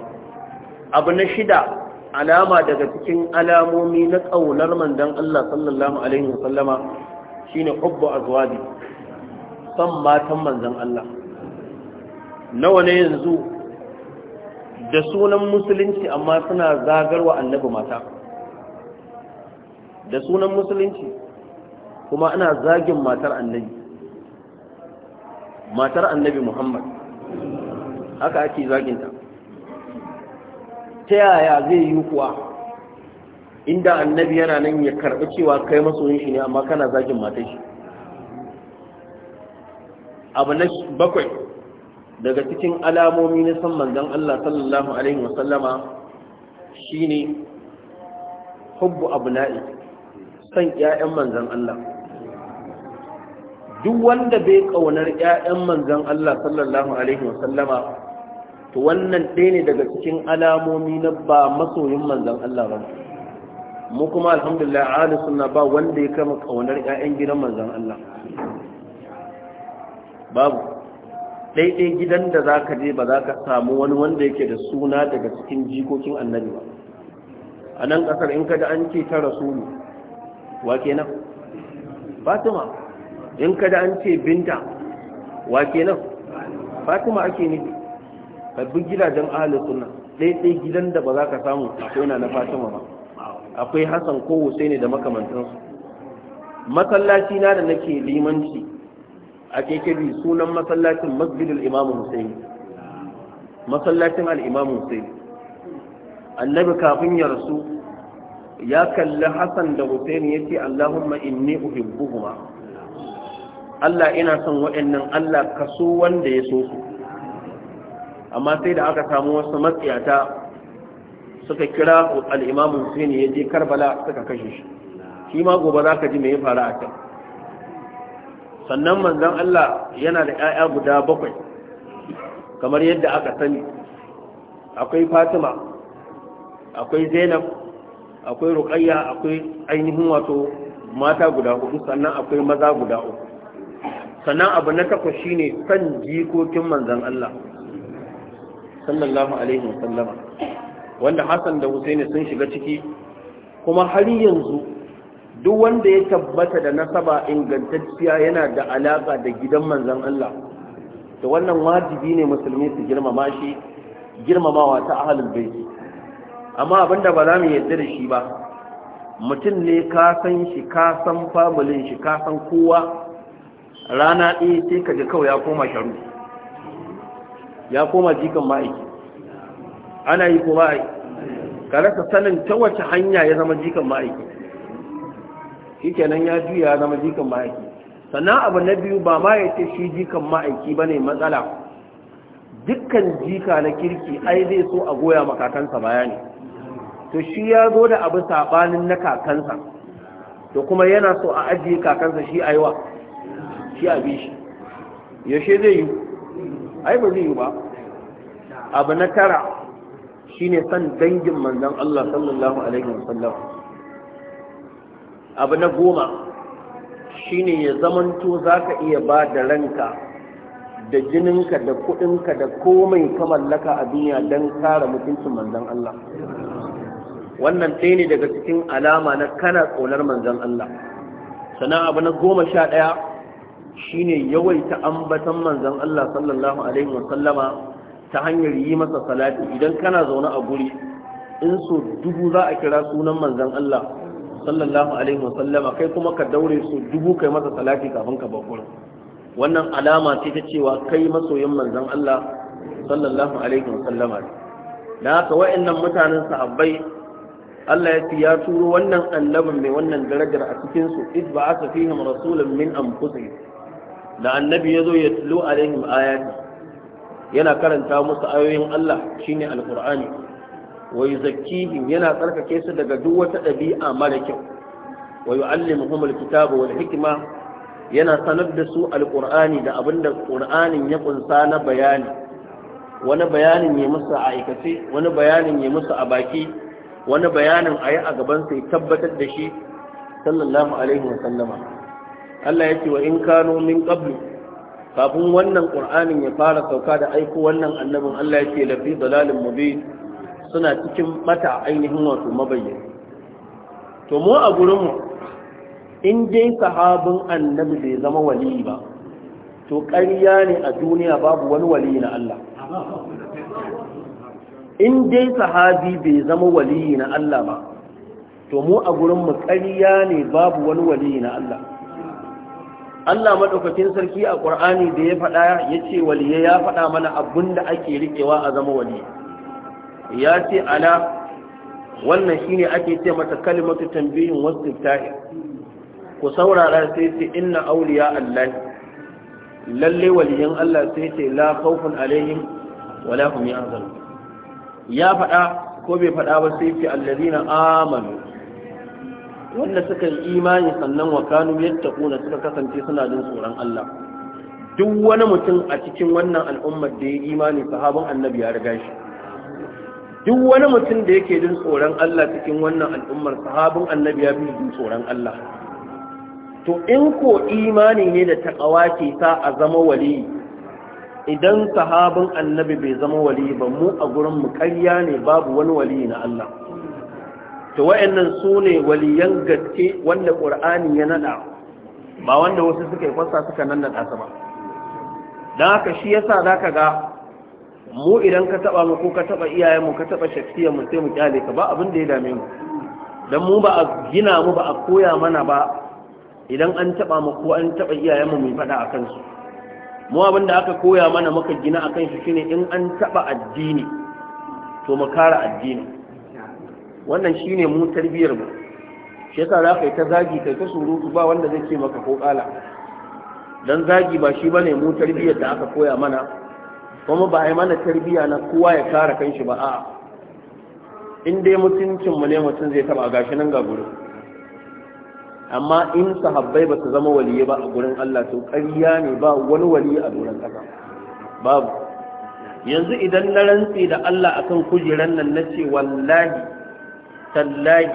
abu na shida alama daga cikin alamomi na ƙaunar mandan Allah sallallahu alaihi wasallama shine hubbu azwaji san matan manzan Allah nawa ne yanzu da sunan musulunci amma suna zagarwa annabi mata da sunan musulunci kuma ana zagin matar annabi matar annabi Muhammad haka ake zaginta ta yaya zai yi kuwa inda annabi yana nan ya karɓi cewa kai masoyin shi ne amma kana zagin matan shi abu na bakwai daga cikin alamomi na san manzon Allah sallallahu alaihi wasallama shine hubbu abna'i san ƴaƴan manzon Allah duk wanda bai kaunar ƴaƴan manzon Allah sallallahu alaihi wasallama to wannan ɗaya ne daga cikin alamomi na ba masoyin manzan Allah ba mu kuma alhamdulillah ahli sunna ba wanda ya kama kaunar ƴaƴan gidan manzan Allah babu ɗaiɗai gidan da za ka je ba za ka samu wani wanda yake da suna daga cikin jikokin annabi ba a nan ƙasar in kada an ce ta rasulu wa kenan fatima in kada an ce binta wa kenan fatima ake nufi ka gidajen ahalin sunna ɗaiɗai gidan da ba za ka samu akwai na na fatima ba akwai hassan ko husaini da makamantansu masallaci na da nake limanci a kekebi sunan masallacin masjidul imamu husaini masallacin al'imamu husaini annabi kafin ya rasu ya kalli hassan da husaini ya ce allahumma inni uhibbuhuma Allah ina son waɗannan Allah so wanda ya so su amma sai da aka samu wasu matsiyata suka kira al'imam Hussein ya je Karbala suka kashe shi shi ma gobe za ka ji mai fara a can sannan manzan Allah yana da 'ya'ya guda bakwai kamar yadda aka sani akwai Fatima akwai Zainab akwai ruƙayya akwai ainihin wato mata guda hudu sannan akwai maza guda uku sannan abu na takwas shine kan jikokin manzan Allah sallallahu alaihi wasallama wanda Hassan da Husaini sun shiga ciki kuma har yanzu duk wanda ya tabbata da nasaba ingantacciya yana da alaka da gidan manzon Allah to wannan wajibi ne musulmi su girmama shi girmamawa ta ahlul bait amma abinda ba za mu yarda da shi ba mutum ne ka san shi ka san family shi ka san kowa rana ɗaya sai ka ji kawai ya koma sharu ya koma jikan ma'aiki ana yi ko ma'aiki ka sanin ta wace hanya ya zama jikan ma'aiki shi ya juya ya zama jikan ma'aiki sannan abu na biyu ba ma ya ce shi jikan ma'aiki ba ne matsala dukkan jika na kirki ai zai so a goya makakansa bayani to shi ya zo da abu sabanin na kakansa to kuma yana so a ajiye kakansa shi aiwa shi abishi. yaushe zai yi ai ba zai yi ba abu na tara shine san dangin manzon Allah sallallahu alaihi wasallam abu na goma shine ya zamanto zaka iya ba da ranka da jininka da kudinka da komai ka mallaka a duniya don kare mutuncin manzon Allah wannan ɗaya ne daga cikin alama na kana tsonar manzon Allah sannan abu na goma sha ɗaya shine yawaita ambatan manzon Allah sallallahu alaihi wasallama ta hanyar yi masa salati idan kana zaune a guri in so dubu za a kira sunan manzon Allah sallallahu alaihi wasallama kai kuma ka daure so dubu kai masa salati kafin ka bar wannan alama ce ta cewa kai masoyin manzon Allah sallallahu alaihi wasallama da haka wa'annan mutanen sahabbai Allah ya ce ya turo wannan annabin mai wannan darajar a cikin su idba'atha fihim rasulan min anfusihim da annabi ya zo ya tulo alaihim ayati yana karanta musu ayoyin Allah shine alqur'ani wa yuzakkihim yana tsarkake su daga duk wata ɗabi'a mara kyau wa yu'allimuhum alkitaba wal hikma yana sanar da su alqur'ani da abinda qur'anin ya kunsa na bayani wani bayanin ya musu a aikace wani bayanin ya musu a baki wani bayanin a yi a gaban sai tabbatar da shi sallallahu alaihi wa sallama Allah ya ce wa in kano min qablu kafin wannan qur'anin ya fara sauka da aiko wannan annabin Allah ya ce lafi dalalin mubin suna cikin bata ainihin wato mabayyana to mu a gurin mu in dai sahabin annabi bai zama wali ba to ƙarya ne a duniya babu wani wali na Allah in dai sahabi bai zama wali na Allah ba to mu a gurin mu ƙarya ne babu wani wali na Allah Allah madaukakin sarki a ƙur'ani da ya faɗa yace waliye ya faɗa mana da ake riƙewa a zama wali ya ce ala wannan shine ake ce mata kalimatu wasu wastiftah ku saurara sai ce inna awliya Allah lalle waliyan Allah sai ce la khawfun alaihim wala hum yahzanun ya faɗa ko bai faɗa ba sai ce allazina amanu wanda suka yi imani sannan wa kanu kuna suka kasance suna jin tsoron Allah duk wani mutum a cikin wannan al'ummar da ya yi imani sahabban annabi ya riga shi duk wani mutum da yake jin tsoron Allah cikin wannan al'ummar sahabban annabi ya fi jin tsoron Allah to in ko imani ne da takawa ke sa a zama wali idan sahabin annabi bai zama wali ba mu a gurin mu ƙarya ne babu wani wali na Allah to wayannan su ne waliyan gaske wanda qur'ani ya nada ba wanda wasu suka yi kwasa suka nan nada su ba dan haka shi yasa zaka ga mu idan ka taba mu ko ka taba iyayen mu ka taba shakhsiyar mu sai mu kyale ka ba abin da ya dame mu dan mu ba a gina mu ba a koya mana ba idan an taba mu ko an taba iyayen mu mu fada akan su mu abin da aka koya mana muka gina akan shi shine in an taba addini to mu kare addini wannan shi ne mu tarbiyar mu shi yasa za ka yi ta zagi kai ta surutu ba wanda zai ce maka ko kala dan zagi ba shi bane mu tarbiyar da aka koya mana kuma ba ai mana tarbiyya na kowa ya kare kanshi ba a in dai mutuncin mu ne mutum zai taba gashi nan ga gurin amma in sahabbai ba su zama waliye ba a gurin Allah to ƙarya ne ba wani wali a doron ƙasa babu yanzu idan na rantse da Allah akan kujeran nan na ce wallahi tallahi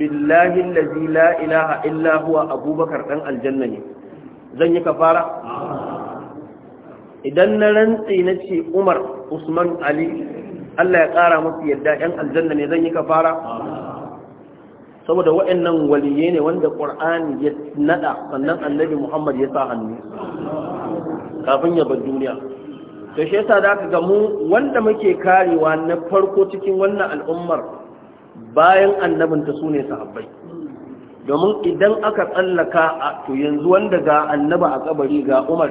billahi allazi la ilaha illa huwa abubakar dan aljanna ne zan yi kafara idan na rantse na ce umar usman ali allah ya ƙara masu yadda ‘yan aljanna ne zan yi kafara saboda waɗannan waliye ne wanda ƙwar'ani ya naɗa sannan annabi muhammad ya sa hannu kafin ya bar duniya to shi yasa da aka gamu wanda muke karewa na farko cikin wannan al'ummar bayan annabinta su ne sahabbai domin idan aka tsallaka a to yanzu wanda ga annaba a kabari ga umar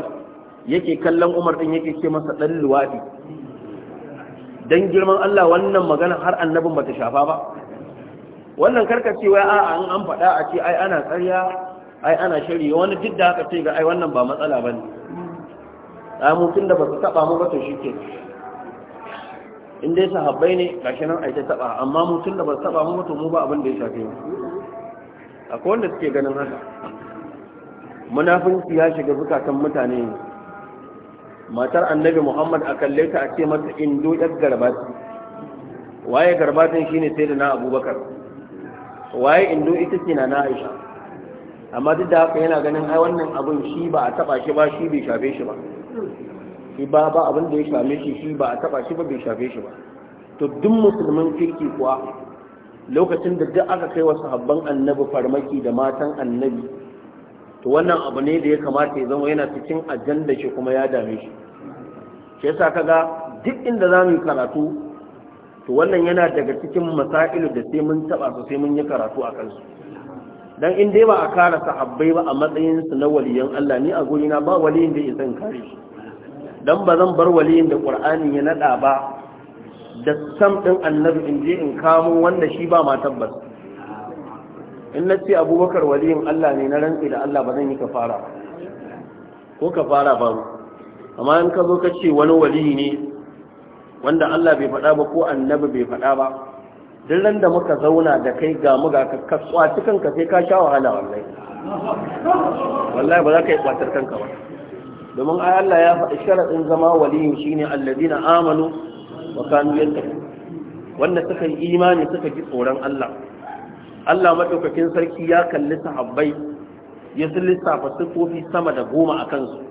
yake kallon umar din yake ce masa dan luwadi dan girman Allah wannan magana har annabin bata shafa ba wannan karkacewa a an an faɗa a ce ai ana ƙarya ai ana shari wani duk da haka ce ga ai wannan ba matsala ba ne. mutum da ba su taɓa mu ba to shi ke in dai sahabbai ne gashi nan ai ta taba amma mutum da ba taba mu mutum mu ba abin da ya shafe mu akwai wanda suke ganin haka munafinci ya shiga zukatan mutane matar annabi muhammad a kalle ta a ce mata indo yar garbati waye garbatin shine sai da na abubakar waye indo ita ce na aisha amma duk da haka yana ganin ai wannan abin shi ba a taba shi ba shi bai shafe shi ba ba ba abin da ya same shi shi ba a taba shi ba bai shafe shi ba to duk musulmin kirki kuwa lokacin da duk aka kai wa sahabban annabi farmaki da matan annabi to wannan abu ne da ya kamata ya zama yana cikin ajanda shi kuma ya dame shi shi yasa kaga duk inda za mu yi karatu to wannan yana daga cikin masailu da sai mun taba su sai mun yi karatu a kansu dan in dai ba a kara sahabbai ba a matsayin su na waliyan Allah ni a gurina ba waliyin da ya san kare shi dan ba zan bar waliyin da qur'ani ya naɗa ba da sam din annabi in je in kamo wanda shi ba ma tabbas in na ce abubakar waliyin Allah ne na rantsi da Allah ba zan yi kafara ko kafara ba amma in ka zo ka ce wani waliyi ne wanda Allah bai faɗa ba ko annabi bai faɗa ba duk ran da muka zauna da kai ga mu ga ka kwaci kanka sai ka sha wahala wallahi wallahi ba za ka yi kwatar kanka ba domin ai Allah ya faɗi sharaɗin zama waliyin shine alladina amanu wa kanu yattaqun wanda suka yi imani suka ji tsoron Allah Allah maɗaukakin sarki ya kalli sahabbai ya lissafa sifofi sama da goma a kansu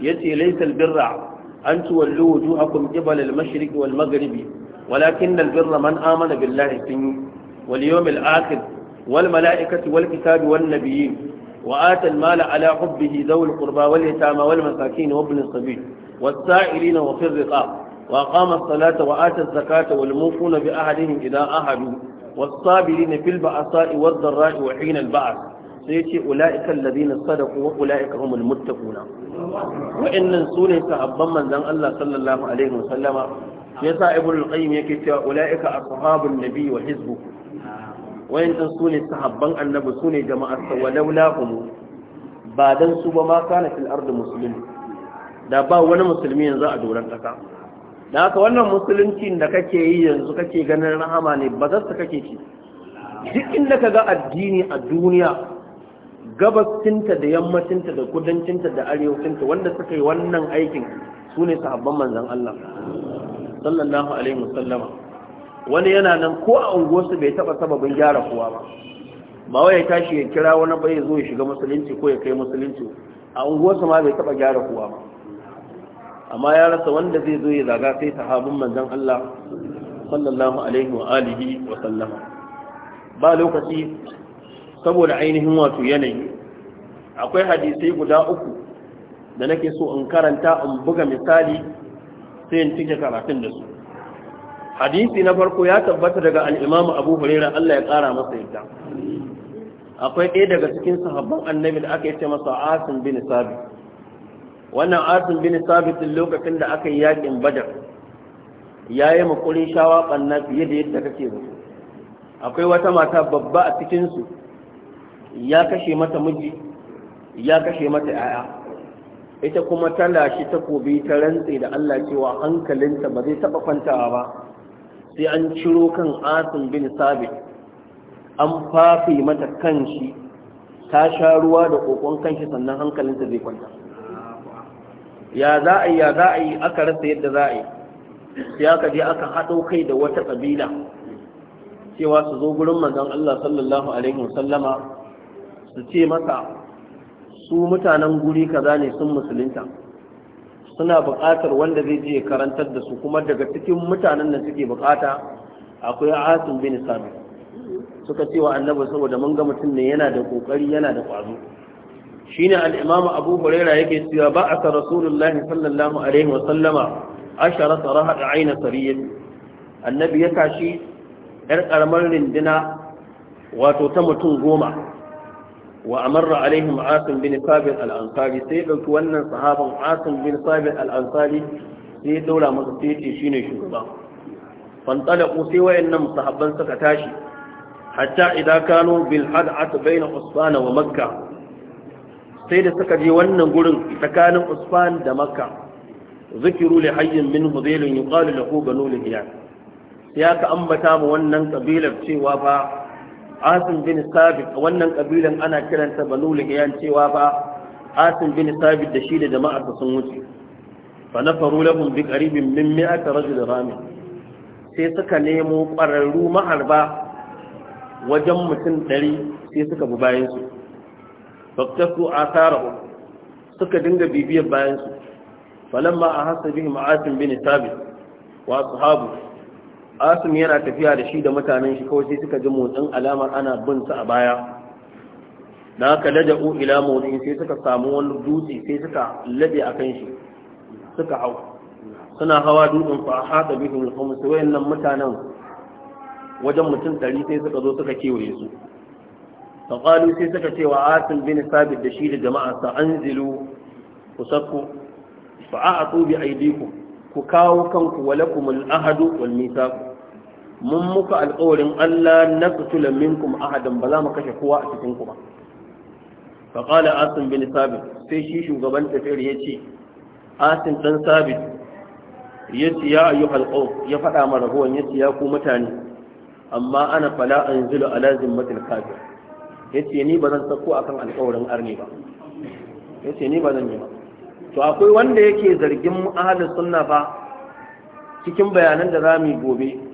ce laysal birra an tuwallu wujuhakum qibala al-mashriq wal maghribi walakin al-birra man amana billahi wal yawmil akhir wal mala'ikati wal kitabi wan nabiyyin وآتى المال على حبه ذوي القربى واليتامى والمساكين وابن السبيل والسائلين وفي الرقاب وأقام الصلاة وآتى الزكاة والموفون بأهلهم إذا أهلوا والصابرين في البعصاء والضراء وحين البعث sai ulaika alladhina sadaqu wa ulaika humul muttaqun wa'annan sune sahabban manzon Allah sallallahu alaihi wa sallama yasa ibnu al-qayyim yake cewa ulaika ashabun nabi wa hizbuhu wayancan su ne sahabban annabi su ne jama'ar sa walau ba dan su ba ma kana fil ardi muslim da ba wani musulmi yanzu a doron kasa da haka wannan musuluncin da kake yi yanzu kake ganin rahama ne ba za su kake ci duk inda ka ga addini a duniya gabasinta da yammacinta da kudancinta da arewacinta wanda suka yi wannan aikin su ne sahabban manzan Allah sallallahu alaihi wasallama wani yana nan ko a unguwarsu bai taba sababin gyara kuwa ba ba wai ya tashi ya kira wani bai zo ya shiga musulunci ko ya kai musulunci a unguwarsu ma bai taba gyara kuwa ba amma ya rasa wanda zai zo ya zaga sai sahabin manzon Allah sallallahu alaihi wa alihi wa sallama ba lokaci saboda ainihin wato yanayi akwai hadisai guda uku da nake so in karanta in buga misali sai in cike karatun da su hadisi na farko ya tabbata daga al'imamu abu hurera Allah ya ƙara masa yadda akwai ɗaya daga cikin sahabban annabi da aka yi ce masa asin bin sabit wannan asin bin sabit lokacin da aka yi yakin badar ya yi makulin shawa ɓanna fiye da yadda kake ba akwai wata mata babba a cikinsu ya kashe mata miji ya kashe mata 'ya'ya ita kuma ta lashe takobi ta rantse da Allah cewa hankalinta ba zai taɓa kwantawa ba sai an ciro kan asin bin sabit an fafi mata kan shi ta sha ruwa da kokon kan shi sannan hankalinta zai kwanta ya za a yi ya za a yi aka rasa yadda za a yi sai aka je aka haɗo kai da wata ƙabila cewa su zo gurin manzon Allah sallallahu alaihi wasallama su ce masa su mutanen guri kaza ne sun musulunta suna buƙatar wanda zai je karantar da su kuma daga cikin mutanen da suke buƙata akwai asin bin sabit suka ce wa annabi saboda mun ga mutum ne yana da kokari yana da ƙwazo shine al-imam abu huraira yake cewa ba aka rasulullah sallallahu alaihi wa sallama ashara da aina sariyat annabi ya tashi yar karamar rindina wato ta mutum goma wa amarra alaihim asim bin sabit al-ansari sai dauki wannan sahaban asim bin sabit al-ansari sai ya daura masa sai ce shine shugaba fantalaqu sai wayannan sahabban suka tashi Hata idza kanu bil had'at baina usfana wa makkah sai da suka je wannan gurin tsakanin usfan da makka zikiru li hayyin min hudailin yuqalu lahu banu lihiyan ya ka ambata mu wannan kabilar cewa fa asim bin sabit wannan kabilan ana kiranta banu lihiyan cewa ba asim bin sabit da shi da jama'a sun wuce fa faru lahum bi qaribin min mi'ati rajul rami sai suka nemo ƙwararru maharba wajen mutum ɗari sai suka bi bayan su faktasu asarahu suka dinga bibiyar bayan su falamma a hasa bihim asim bin sabit wa ashabu asim yana tafiya da shi da mutanen shi kawai sai suka ji motsin alamar ana bin su a baya da aka u ila motsin sai suka samu wani dutse sai suka lade a kan shi suka hau suna hawa dutsen fa haɗa bihin alhamis wayannan mutanen wajen mutum 100 sai suka zo suka kewaye su qalu sai suka ce wa asim bin sabit da shi da jama'a sa an zilu ku a'tu fa'a a ku kawo kanku walakumul ahadu wal misaku mun muku alƙawarin Allah na kutula minkum ahadan ba za mu kashe kowa a cikin kuma. ba fa qala asim bin sabit sai shi shugaban tafiyar ce asim ɗan sabit ce ya ayyuhal halƙo ya faɗa ma ya ce ya ku mutane amma ana fala an anzilu matil zimmatil Ya ce ni ba zan sako akan alƙawarin arni ba Ya ce ni ba zan yi ba to akwai wanda yake zargin ahalin sunna ba cikin bayanan da za mu gobe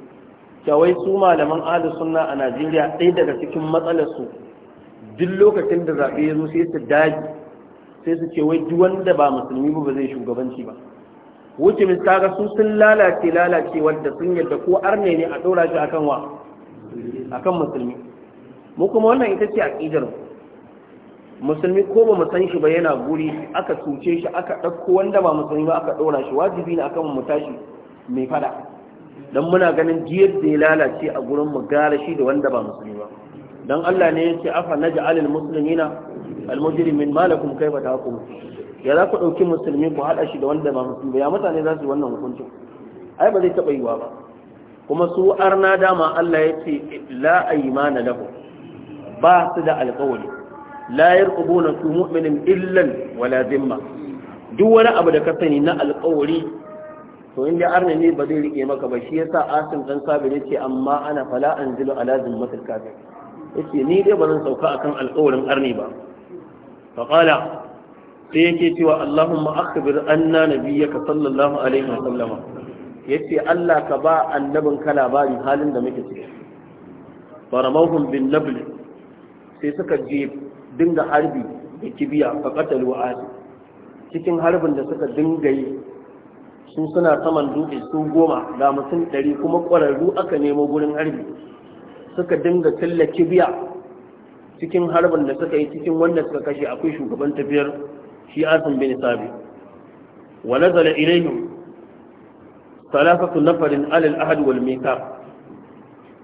wai su malaman ahli sunna a najeriya ɗaya daga cikin matsalarsu duk lokacin da zaɓe ya zo sai su daji sai su ce wai duk wanda ba musulmi ba zai shugabanci ba wuce mis kaga su sun lalace lalace wanda sun yadda ko arne ne a ɗora shi akan wa akan musulmi mu kuma wannan ita ce aqidar musulmi ko ba mu san shi ba yana guri aka cuce shi aka ɗauko wanda ba musulmi ba aka ɗora shi wajibi ne akan mu tashi mai fada dan muna ganin jiyar da ya lalace a gurin mu gara shi da wanda ba musulmi ba dan Allah ne yace afa naj'al al muslimina al mujrimin malakum kaifa tahkum ya za ku dauki musulmi ku hada shi da wanda ba musulmi ba ya mutane za su wannan hukuncin ai ba zai taba yiwa ba kuma su arna dama Allah yace la aymana lahu ba su da alƙawari la yarqubuna fi mu'minin illan wala zimma duk wani abu da ka sani na alƙawari to in dai arna ne ba zai rike maka ba shi yasa asim dan sabir yace amma ana fala an anzilu ala zimmatil kafir yace ni dai ba zan sauka akan alƙawarin arni ba fa qala sai yake cewa Allahumma akhbir anna nabiyyaka sallallahu alaihi wa sallam yace Allah ka ba annabin ka labarin halin da muke ciki faramahum bin nabl sai suka je dinga harbi da kibiya fa qatalu cikin harbin da suka dinga yi su suna saman dutse su goma ga mutum ɗari kuma kwararru aka nemo gurin harbi suka dinga tilla kibiya cikin harbin da suka yi cikin wanda suka kashe akwai shugaban tafiyar shi asim bin sabi wa nazala ilayhi salafatu nafarin alal ahad wal mika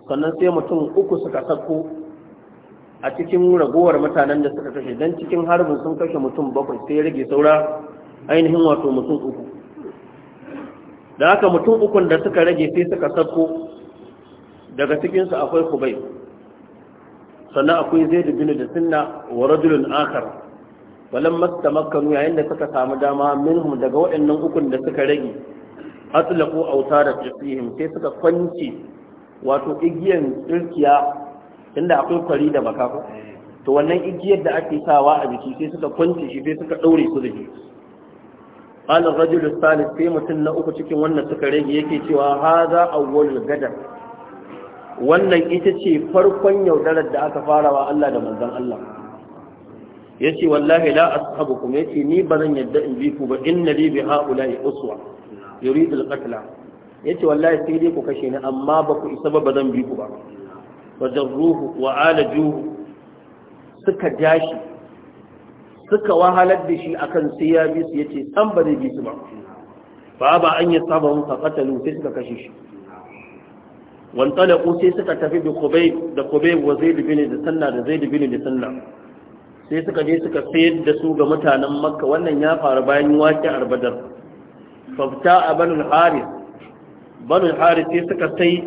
sannan sai mutum uku suka sako a cikin ragowar mutanen da suka kashe dan cikin harbin sun kashe mutum bakwai sai rage saura ainihin wato mutum uku da haka mutum ukun da suka rage sai suka sako daga cikinsu akwai kubai sannan akwai zai da binu da sunna wa rajulun akhar walan mastamakkanu yayin da suka samu dama minhum daga waɗannan ukun da suka rage atlaqu awtara tisihim sai suka kwanci wato igiyan tsirkiya inda akwai kwari da baka to wannan igiyar da ake sawa a jiki sai suka kwanci shi sai suka daure su da jiki قال الرجل الثالث في متن uku cikin wannan suka rage yake cewa hadha awwalul gadar wannan ita ce farkon yaudarar da aka fara wa Allah da manzon Allah yace wallahi la ashabukum yace ni bazan yadda in bi ku ba inna li bi haula'i uswa yuridu al-qatla yace wallahi sai dai ku kashe ni amma ba ku isa ba bazan bi ku ba wajarruhu wa alajuhu suka jashi suka wahalar da shi akan sai ya bi su yace san ba zai bi su ba fa ba an yi saba mun ka katalu sai suka kashe shi talaqu sai suka tafi da kubay da kubay wa zaid bin da sanna da zaid bin da sanna sai suka je suka sayar da su ga mutanen makka wannan ya faru bayan waki arbadar fafta a banul haris banul sai suka sai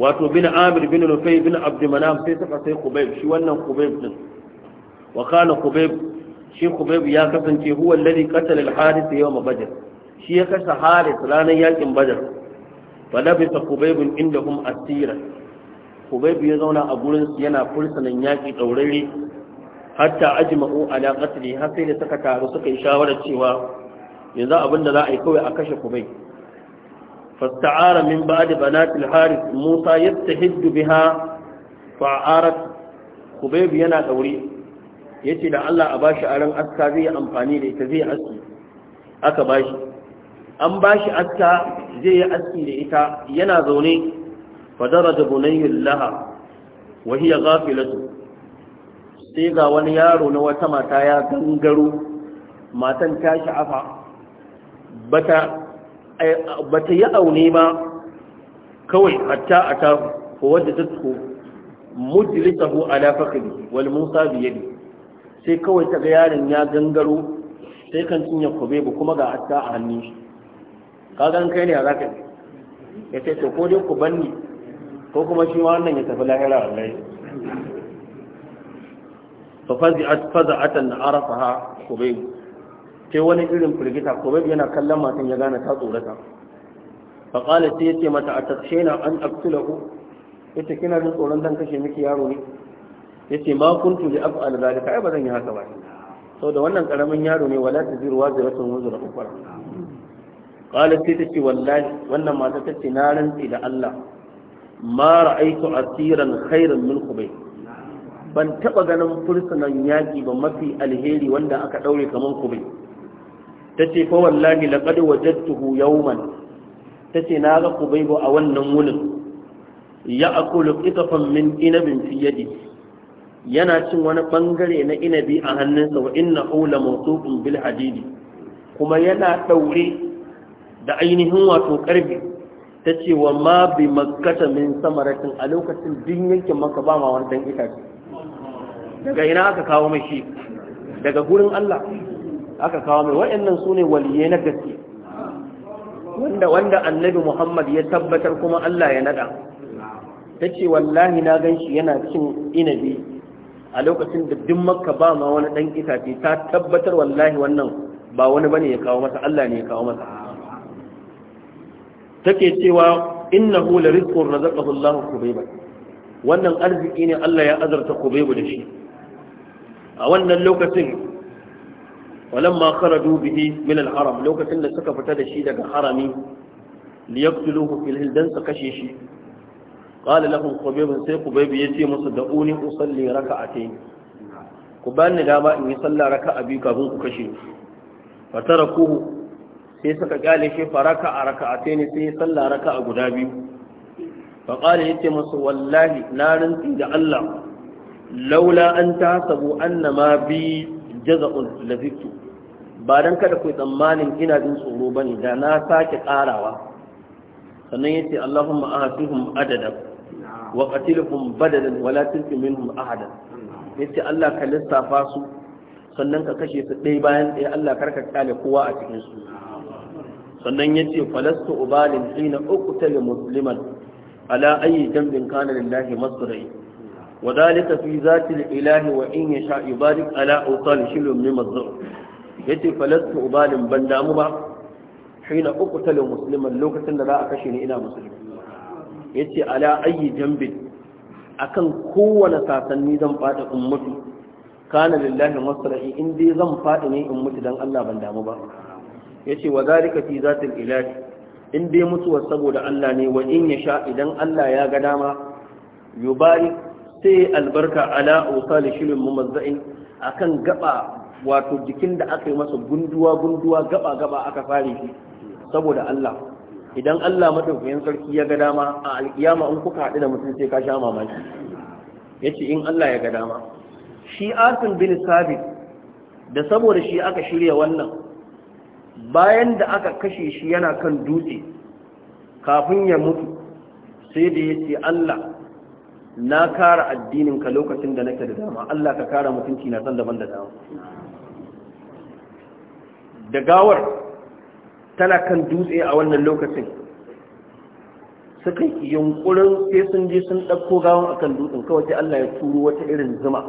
wato bin amir bin lufay bin abdumanaf sai suka sai kubay shi wannan kubay din wa kana kubay shi kubayb ya kasance huwa ladi qatala al-harith yawm badr shi ya kashe harith ranar yakin badr falabisa kubayb kuma asira kubayb ya zauna a gurin yana fursunan yaki ɗaurari. hatta ajimau ala qatli har sai da suka taru suka yi shawarar cewa yanzu abinda za a yi kawai a kashe kubayb فاستعار من بعد بنات الحارث موسى يستهد بها فعارت خبيب yana دوري ya ce da Allah a bashi aron aska zai yi amfani da ita zai aski aka bashi an bashi aska zai yi aski da ita yana zaune fadara da bunayyun laha wahiyar gafilatu sai ga wani yaro na wata mata ya gangaro matan ta sha'afa ba ta eh, yi aune ba kawai hatta a ta wadda ta tuko mujlisahu ala fakhri wal musa sai kawai ta ga yaron ya gangaro sai kan cinye kube ba kuma ga hatta a hannun shi ka gan kai ne a zaka ya ce to ko dai ku banni ko kuma shi ma wannan ya tafi lahira wallahi fa fazi'at faza'atan arafaha kube sai wani irin firgita kube yana kallon matan ya gane ta tsorata qala sai ya ce mata a an aktulahu ita kina jin tsoron dan kashe miki yaro ne Ya ce ma kuntu li af'al zalika ai ba zan yi haka ba da wannan karamin yaro ne wala taziru waziratun wuzra ukhra qala sai ce, wallahi wannan mata tace na rantsi da Allah ma ra'aytu asiran khairan min khubay ban taba ganin fursunan yaki ba mafi alheri wanda aka daure kaman Ta ce fa wallahi laqad wajadtuhu yawman ce na ga khubay a wannan wunin ya akulu qitafan min inabin fi yadihi yana cin wani bangare na inabi a hannunsa wa inna hula mawsuqun bil hadidi kuma yana daure da ainihin wato ƙarfi, ta ce wa ma bi makkata min samaratin a lokacin din yankin maka ba ma wani dan itace daga ina aka kawo mai shi daga gurin Allah aka kawo mai waɗannan su ne waliye na gaske wanda wanda annabi Muhammad ya tabbatar kuma Allah ya nada ta ce wallahi na gan shi yana cin inabi a lokacin da duk makka ba ma wani dan itace ta tabbatar wallahi wannan ba wani bane ya kawo masa Allah ne ya kawo masa take cewa innahu la rizqun razaqahu Allah kubayba wannan arziki ne Allah ya azarta kubaybu da shi a wannan lokacin walamma kharaju bihi min al-haram lokacin da suka fita da shi daga harami liyaqtuluhu fil hildan sa kashe shi qala lahum khubayb sai khubayb yace musu da uni usalli raka'atayn ku bani dama in yi sallah raka'a biyu kafin ku kashe fatarakuhu sai suka kyale shi faraka a raka'atai ne sai sallah raka a guda biyu faƙari ya ce masu wallahi na rinti da Allah laula an ta sabu annama bi jaza'un lazitu ba don kada kuyi tsammanin ina jin tsoro ba ne da na sake karawa. sannan ya ce Allahumma ahasihum adadab wa qatilhum badalan wa la tilka minhum ahadan yace Allah ka lissafa su sannan ka kashe su ɗaya bayan ɗaya Allah karka kyale kowa a cikin su sannan yace falastu ubalin hina uqtal musliman ala ayi dambin kana lillahi masrai wa dalika fi zati al-ilahi wa in yasha yubarik ala awtal shilum min mazdur yace falastu ubalin ban damu ba hina uqtal musliman lokacin da za a kashe ni ina musulmi ya ce ala ayi jambin akan kowane sasanni zan faɗi in kana lillahi masra'i in dai zan faɗi ne in mutu dan Allah ban damu ba yace wa zalika fi zatil ilahi in dai mutuwa saboda Allah ne wa in yasha idan Allah ya ga dama yubari sai albarka ala usal shilin mumazza'in akan gaba wato jikin da aka yi masa gunduwa gunduwa gaba gaba aka fare shi saboda Allah idan Allah madaukakin sarki ya ga dama a alkiyama in kuka haɗu da mutum sai ka sha mamaki yace in Allah ya ga dama shi Asim bin Sabit da saboda shi aka shirya wannan bayan da aka kashe shi yana kan dutse kafin ya mutu sai da ya ce Allah na kara addinin ka lokacin da nake da dama Allah ka kara mutunci na san daban da dama da gawar tana kan dutse a wannan lokacin suka yi yunkurin sai sun je sun ɗauko gawon a kan dutsen kawai sai Allah ya turo wata irin zuma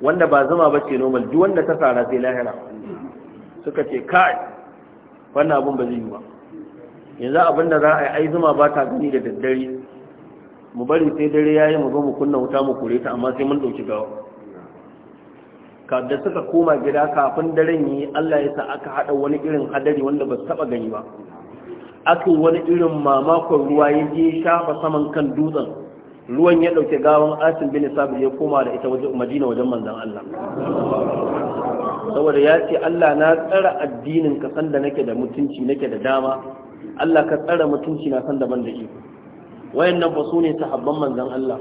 wanda ba zuma ba ce nomal duk wanda ta fara sai lahira suka ce kai wannan abun ba zai yi ba yanzu abin da za a yi ai zuma ba ta gani da daddare mu bari sai dare yayi mu zo mu kunna wuta mu kore ta amma sai mun ɗauki gawa da suka koma gida kafin daren yi Allah ya sa aka haɗa wani irin hadari wanda ba su taɓa gani ba aka yi wani irin mamakon ruwa ya je shafa saman kan dutsen ruwan ya ɗauke gawan asin bin sabir ya koma da ita waje madina wajen manzan Allah saboda ya ce Allah na tsara addinin ka sanda nake da mutunci nake da dama Allah ka tsara mutunci na sanda daban da shi wayannan ba su ne sahabban manzon Allah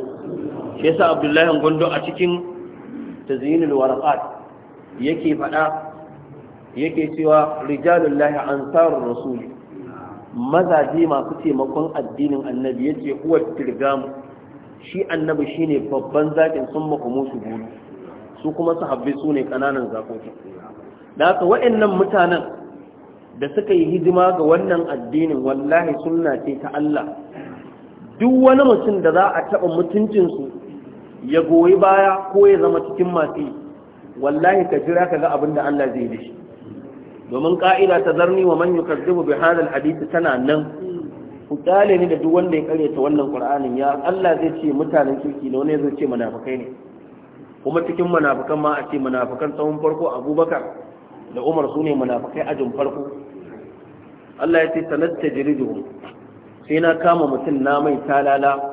shi yasa Abdullahi Gondo a cikin tazyinul warqat yake faɗa yake cewa rijalullahi ansarur rasuli mazaje masu taimakon addinin annabi yace huwa tirgamu shi annabi shine babban zakin sun makumu su su kuma sahabbai su ne kananan zakoki da haka wa'annan mutanen da suka yi hidima ga wannan addinin wallahi sunna ce ta Allah duk wani mutum da za a taɓa mutuncinsu ya goyi baya ko ya zama cikin masu wallahi ka jira ka ga abin da Allah zai yi shi domin ka'ida ta zarni wa man yukazzibu bi hadal hadisi tana nan ku kyale ni da duk wanda ya ta wannan qur'anin ya Allah zai ce mutanen kirki ne wani zai ce munafikai ne kuma cikin munafikan ma a ce munafikan tsawon farko Abubakar da Umar su ne munafikai ajin farko Allah ya ce sanatta jirijuhum sai na kama mutum na mai talala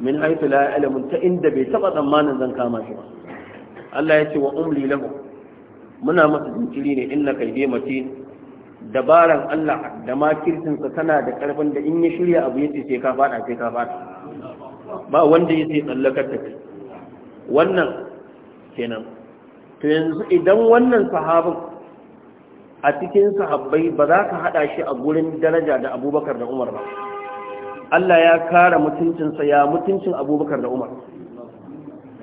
min haythu la ya'lamun ta inda bai taba tsammanin zan kama shi ba Allah ya ce wa umli lahu muna masa jinkiri ne inna kaide mace dabaran Allah da makircin sa tana da karfin da in ya shirya abu yace sai ka fada sai ka fada ba wanda yace tsallakar ta wannan kenan to yanzu idan wannan sahabin a cikin sahabbai ba za ka hada shi a gurin daraja da abubakar da umar ba Allah ya kara mutuncinsa ya mutuncin abubakar da umar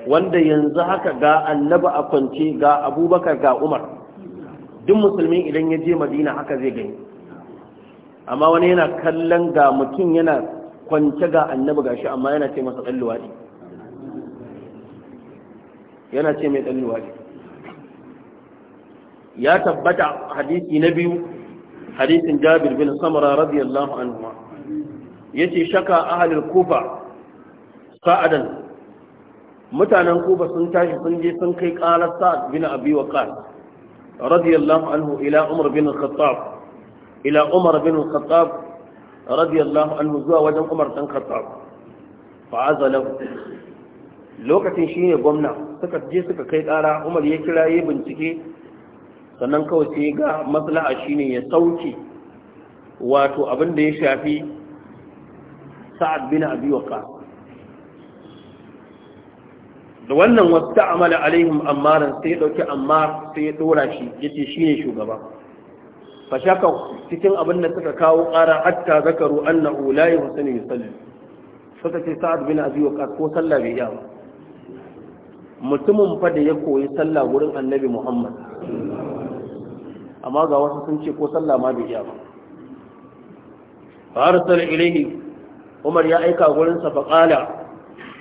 wanda yanzu haka ga annaba a kwance ga abubakar ga umar duk musulmi idan ya je madina haka zai gani amma wani yana kallon ga mutum yana kwance ga annaba ga shi amma yana ce masa ɗan yana ce mai ɗan ya tabbata hadisi na biyu hadisin jabir bin samara radiyallahu anhu yace shaka ahlul kufa sa'adan mutanen kufa sun tashi sun je sun kai qalar sa'ad bin abi waqas radiyallahu anhu ila umar bin al-khattab ila umar bin al-khattab radiyallahu anhu zuwa wajen umar dan khattab fa azalahu lokacin shine gwamna suka je suka kai ƙara umar ya kira ya bincike sannan kawai sai ga maslaha shine ya sauke wato abin da ya shafi sa'ad bin abi waqas da wannan ta amala alaihim ammaran sai ya dauki sai ya ɗora shi shi ne shugaba fa shaka cikin abin da suka kawo ƙara hatta zakaru ulayi wasu ne misali suka ce sa'ad bin abi waqas ko sallah bai yawa mutumin fa da ya koyi sallah wurin annabi muhammad amma ga wasu sun ce ko sallah ma bai yawa fa arsala ilaihi umar ya aika wurinsa faƙala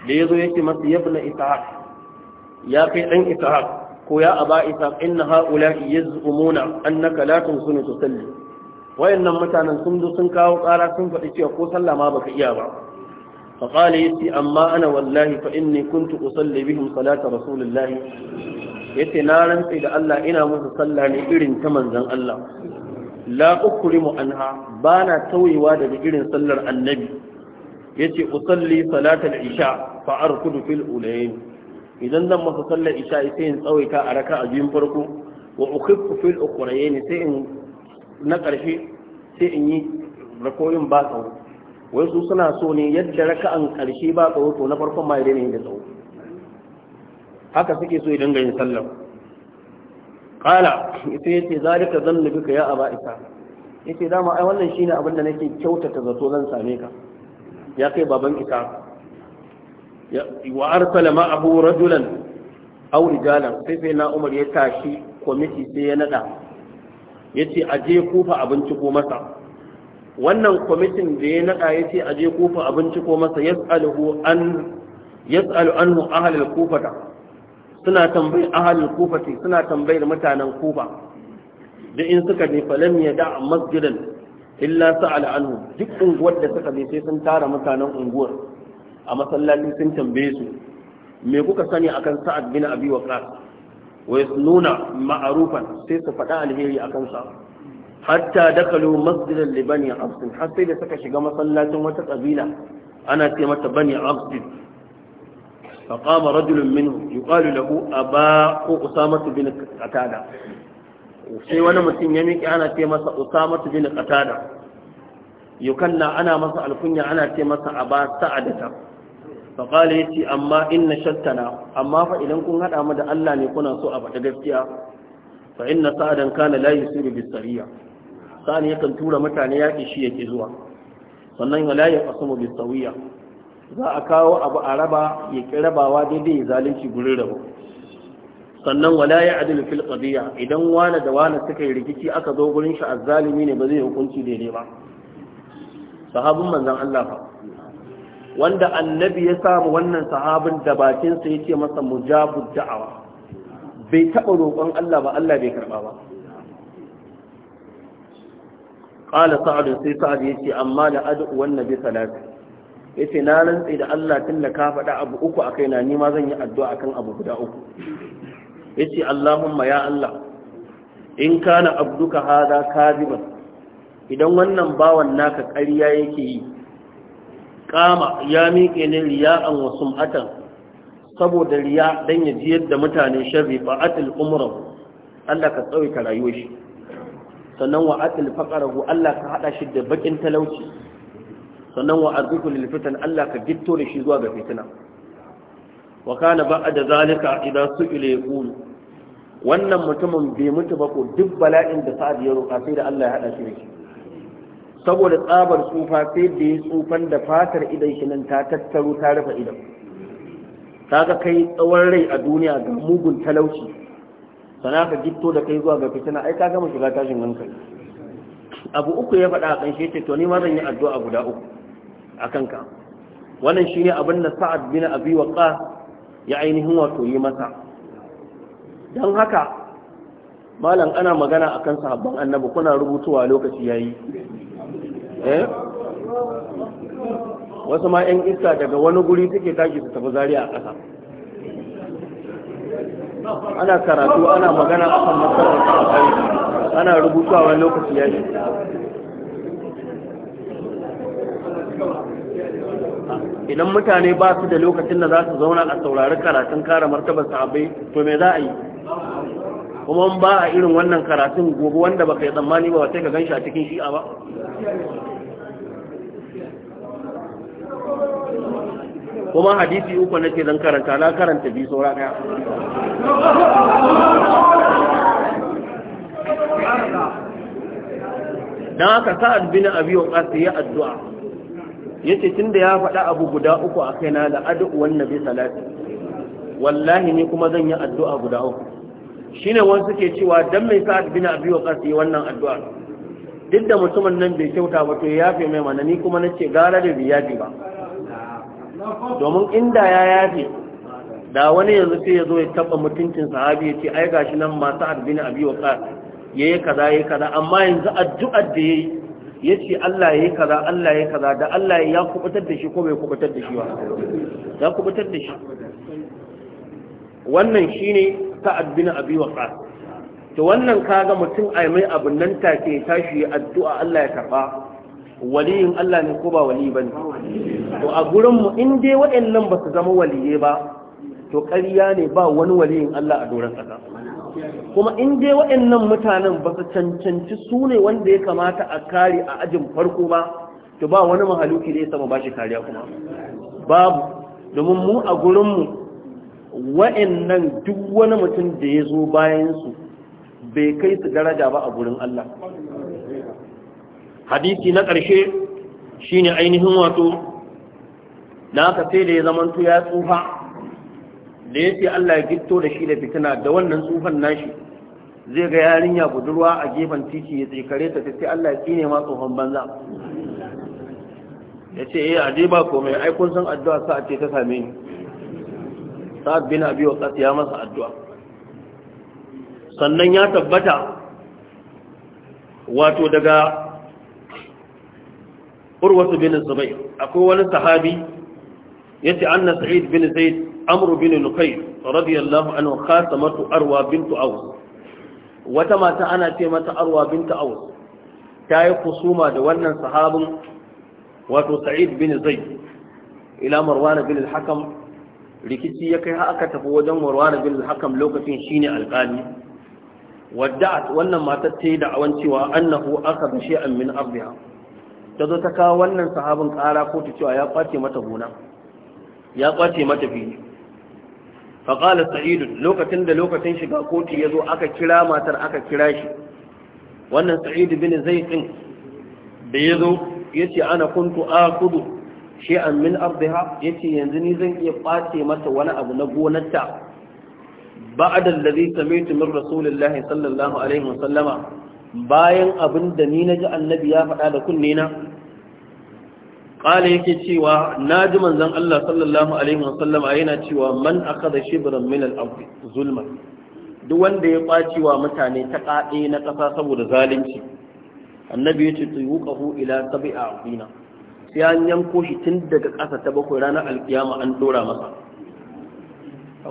da ya yazo yake masa yabna ishaq ya kai dan ita, ko ya aba ishaq inna haula yazumuna annaka la su salli. wayannan mutanen sun zo sun kawo kara sun faɗi cewa ko sallah ma baka iya ba ya ce amma ana wallahi fa inni kuntu usalli bihim salata rasulillahi yace na rantsi da Allah ina musu sallah ne irin ta manzan Allah la ukrimu anha bana tauyewa daga irin sallar annabi Ya ce, usalli salatar isha fa arkudu fil ulayn idan zan masa sallar isha sai in tsawaita a raka a biyun farko wa ukhiffu fil ukhrayn sai in na ƙarshe sai in yi rakoyin ba tsawo wai su suna so ne yadda raka'an karshe ba tsawo to na farkon ma ya daina yin da tsawo haka suke so idan ganin sallar qala ita ce, za yace zalika zannu bika ya a aba isa yace dama ai wannan shine abin da nake kyautata zato zan same ka ya kai baban ita wa arsala ma'ahu rajulan aw rijalan sai sai na Umar ya tashi kwamiti sai ya nada yace aje kufa abinci ko masa wannan kwamitin da ya nada yace aje kufa abinci ko masa yas'aluhu an yas'alu anhu al kufata suna tambayi al-kufa suna tambayar mutanen kufa da in suka je falam ya da masjidan illa sa'ala anhu duk unguwar da suka je sai sun tara mutanen unguwar a masallaci sun tambaye su me kuka sani akan sa'ad bin abi waqas wa yasnuna ma'rufan sai su faɗa alheri akan sa hatta dakalu masjidan li bani abs har sai da suka shiga masallacin wata kabila ana ce mata bani abs فقام رجل منهم يقال له أبا أسامة بن قتادة sai wani mutum ya miƙe ana ce masa usama bin qatada yukanna ana masa alkunya ana ce masa aba sa'adata fa qala ce amma inna shattana amma fa idan kun haɗa mu da Allah ne kuna so a faɗa gaskiya fa inna sa'adan kana la yusiru bis sariya sani yakan tura mutane yaki shi yake zuwa sannan la yaqsumu bis sawiya za a kawo abu a raba ya ƙi rabawa daidai zalunci gurin rabo sannan wala ya adilu fil qadiya idan wani da wani suka yi rikici aka zo gurin shi azzalimi ne ba zai hukunci daidai ba sahabin manzon Allah fa wanda annabi ya samu wannan sahabin da bakin sa yace masa Mujabu da'awa bai taɓa roƙon Allah ba Allah bai karɓa ba ƙala sa'adu sai sa'adu ya ce amma da adu wannan bi salati yace na rantse da Allah tun da ka faɗa abu uku a kaina ni ma zan yi addu'a kan abu guda uku yace Allahumma ya Allah in kana abduka hada kadiban idan wannan bawan naka ƙarya yake yi kama ya miƙe ne riya'an wasu sum'atan saboda riya dan ya ji yadda mutane sharri ba atil umran Allah ka ka rayuwar shi sannan wa atil faqarahu Allah ka hada shi da bakin talauci sannan wa arzikul fitan Allah ka gito da shi zuwa ga fitina wa kana da zalika idan su'ila yaqulu wannan mutumin bai mutu ba ko duk bala'in da sa'ad ya roƙa sai da Allah ya haɗa shi da shi saboda tsabar tsufa sai da ya tsufan da fatar idan shi nan ta tattaro ta rufe idan kaga kai tsawon rai a duniya ga mugun talauci sana ka gitto da kai zuwa ga fitina ai ka gama shiga tashin hankali abu uku ya faɗa a ƙanshe ce to ni ma zan yi addu'a guda uku a kanka wannan shine abin da sa'ad bin abi waqa ya ainihin wato yi masa don haka malam ana magana a kan sahabban annabi kuna rubutuwa lokaci ya eh wasu ma yan iska daga wani guri take tashi su tafi zariya a ƙasa ana karatu ana magana a kan masarar ana rubutuwa wani lokaci yi. idan mutane ba su da lokacin da za su zauna a saurari karatun kare martabar sahabai to me za a yi kuma ba a irin wannan karatun gobe wanda baka yi tsammani ba wace ka ganshi a cikin shi'a ba kuma hadisi uku nake zan karanta na karanta biyu saura daya dan haka sa'ad bin abi waqas ya addu'a yace tunda ya faɗa abu guda uku a kaina da ad'u wan nabi salati wallahi ni kuma zan yi addu'a guda uku shine wani suke cewa dan mai sa'ad bin abi waqas yi wannan addu'a duk da mutumin nan bai kyauta ba to ya yafe mai mana ni kuma nace gara da biyaji ba domin inda ya yafe da wani yanzu sai ya zo ya taba mutuncin sahabi ya ce ai gashi nan masu adbini abi wa ya yayi kaza yayi kaza amma yanzu addu'ar da yayi ya ce Allah ya yi kaza Allah ya yi kaza da Allah ya kubutar da shi ko bai kubutar da shi ba ya kubutar da shi wannan shine sa'ad bin abi waqas to wannan kaga mutum ai mai abun nan take tashi addu'a Allah ya karba waliyin Allah ne ko ba wali bane to a gurin mu in dai waɗannan ba su zama waliye ba to ƙarya ne ba wani waliyin Allah a doron ƙasa kuma in dai waɗannan mutanen ba su cancanci su ne wanda ya kamata a kare a ajin farko ba to ba wani mahaluki da ya sama ba shi kariya kuma babu domin mu a gurinmu wa'annan duk wani mutum da ya zo bayansu bai kai su daraja ba a gurin Allah hadisi na ƙarshe shine ainihin wato na aka sai da ya zamanto ya tsufa da ya ce Allah ya gito da shi da fitina da wannan tsufan nashi zai ga yarinya budurwa a gefen titi ya tsikare ta sai Allah ya kine ma tsohon banza ya ce eh aje ba komai ai kun san addu'a sa ce ta same ni sa'ad bin abi waqas ya masa addu'a sannan ya tabbata wato daga urwatu bin zubair akwai wani sahabi yace anna sa'id bin zaid amr bin luqay radiyallahu anhu khasamatu arwa bint aws wata mata ana ce mata arwa bint aws ta yi kusuma da wannan sahabin wato sa'id bin zaid ila marwana bin al-hakam rikici ya kai haka tafi wajen marwana bin al-hakam lokacin shine alƙali wadda'at wannan matar ta yi da'awan cewa annahu akhadha shay'an min ardiha tazo ta kawo wannan sahabin ƙara ko ta cewa ya kwace mata gona ya kwace mata fili faƙala sa'idun lokacin da lokacin shiga kotu ya zo aka kira matar aka kira shi wannan sa'idu bin ɗin da ya zo ya ce ana kuntu a kudu shi'an min arziha ya ce yanzu ni zan iya kwace mata wani abu na gonarta بعد الذي سمعت من رسول الله sallallahu alaihi عليه bayan abin da ni na ji annabi ya faɗa da kunnena qala yake cewa na ji manzon Allah sallallahu alaihi yana cewa man akhadha shibran min al-ard zulma duk wanda ya kwaci wa mutane ta kaɗe na kasa saboda zalunci annabi yace tuyuqahu ila sab'a aqina sai an yanko shi tun daga ƙasa ta bakwai ranar alkiyama an dora masa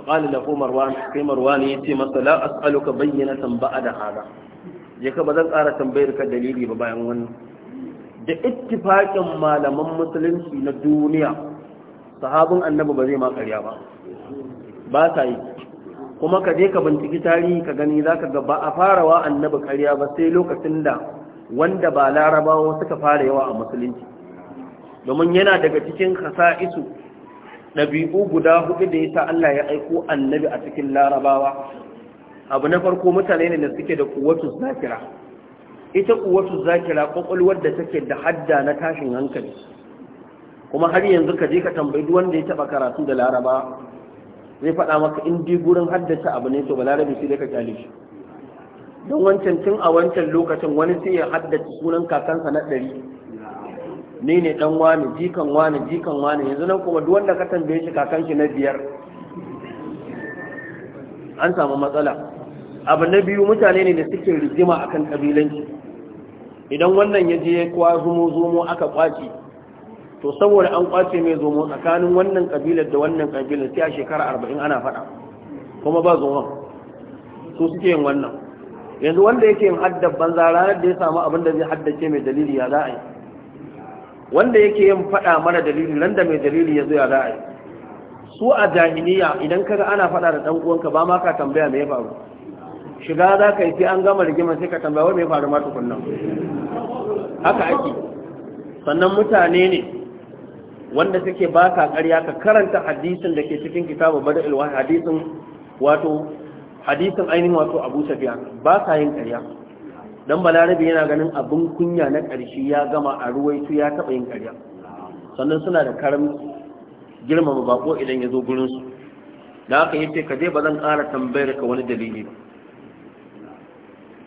a ƙali da komar kai ya ce masa la as'aluka bayyana tambaa da hada je ka ba zan ƙara tambayar ka dalili ba bayan wannan da ittifaƙin malaman musulunci na duniya sahabin annabi ba zai ma ƙarya ba ba sa yi kuma ka je ka binciki tarihi ka gani za ka ga ba a farawa annabi ƙarya ba sai lokacin da wanda ba larabawa suka fara yawa a musulunci domin yana daga cikin isu ɗabi'u guda hudu da ya Allah ya aiko annabi a cikin larabawa abu na farko mutane ne da suke da kuwatu zakira ita kuwatu zakira kwakwalwar da take da hadda na tashin hankali kuma har yanzu ka je ka tambayi duk wanda ya taba karatu da laraba zai faɗa maka in dai gurin haddace abu ne to ba larabi sai dai ka kyale shi don wancan tun a wancan lokacin wani sai ya haddace sunan kakansa na ɗari ne ne dan wani jikan wani jikan wani yanzu nan kuma duk wanda ka tambaye shi kakan shi na biyar an samu matsala abu na biyu mutane ne da suke rigima akan kabilanci idan wannan ya je kwa zumo zumo aka kwaci to saboda an kwace mai zumo tsakanin wannan kabilar da wannan kabilar sai a shekara arba'in ana faɗa kuma ba zumo su suke yin wannan yanzu wanda yake yin haddab banza ranar da ya samu abin da zai haddace mai dalili ya za a yi wanda yake yin faɗa mana dalili ran da mai dalili ya zo ya za a yi su a jahiliya idan kaga ana faɗa da ɗan uwanka ba ma ka tambaya me ya faru shiga za ka yi sai an gama rigima sai ka tambaya wani ya faru ma tukunnan haka ake sannan mutane ne wanda suke ba ka karya ka karanta hadisin da ke cikin kitabu bada ilwa hadisin wato hadisin ainihin wato abu safiya ba ka yin karya. Don balarabi yana ganin abin kunya na karshe ya gama a ruwaitu ya taba yin karya. sannan suna da karam girmama bako idan ya zo gurinsu da aka yi ce ka je ba zan kara tambayar ka wani dalili ba